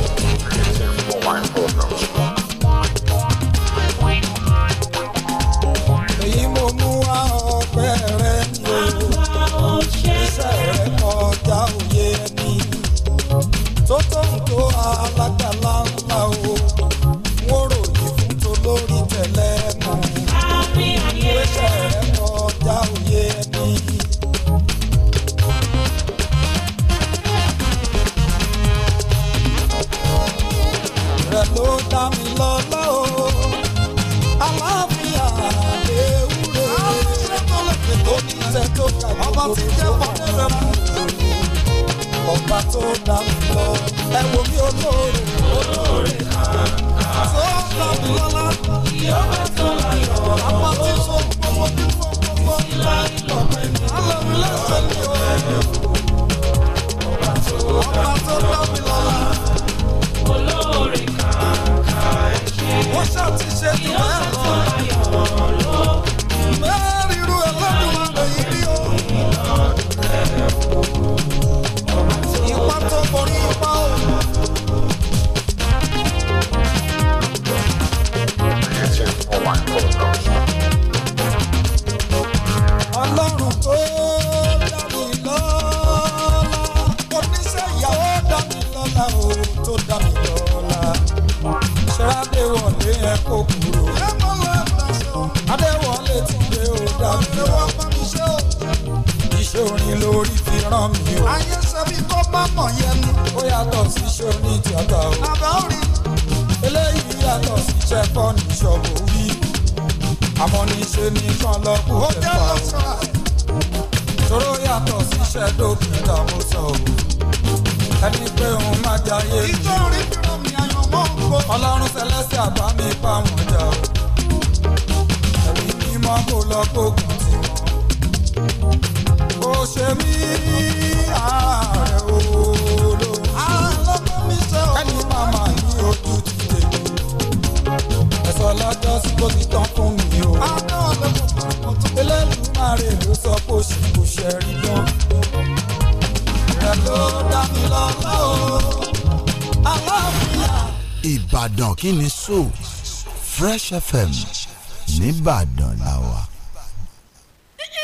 lọ́lọ́ o aláàfíà ewúre ṣé tó lè fi tó ní ọba tó dàgbà ẹ wò mí olóore.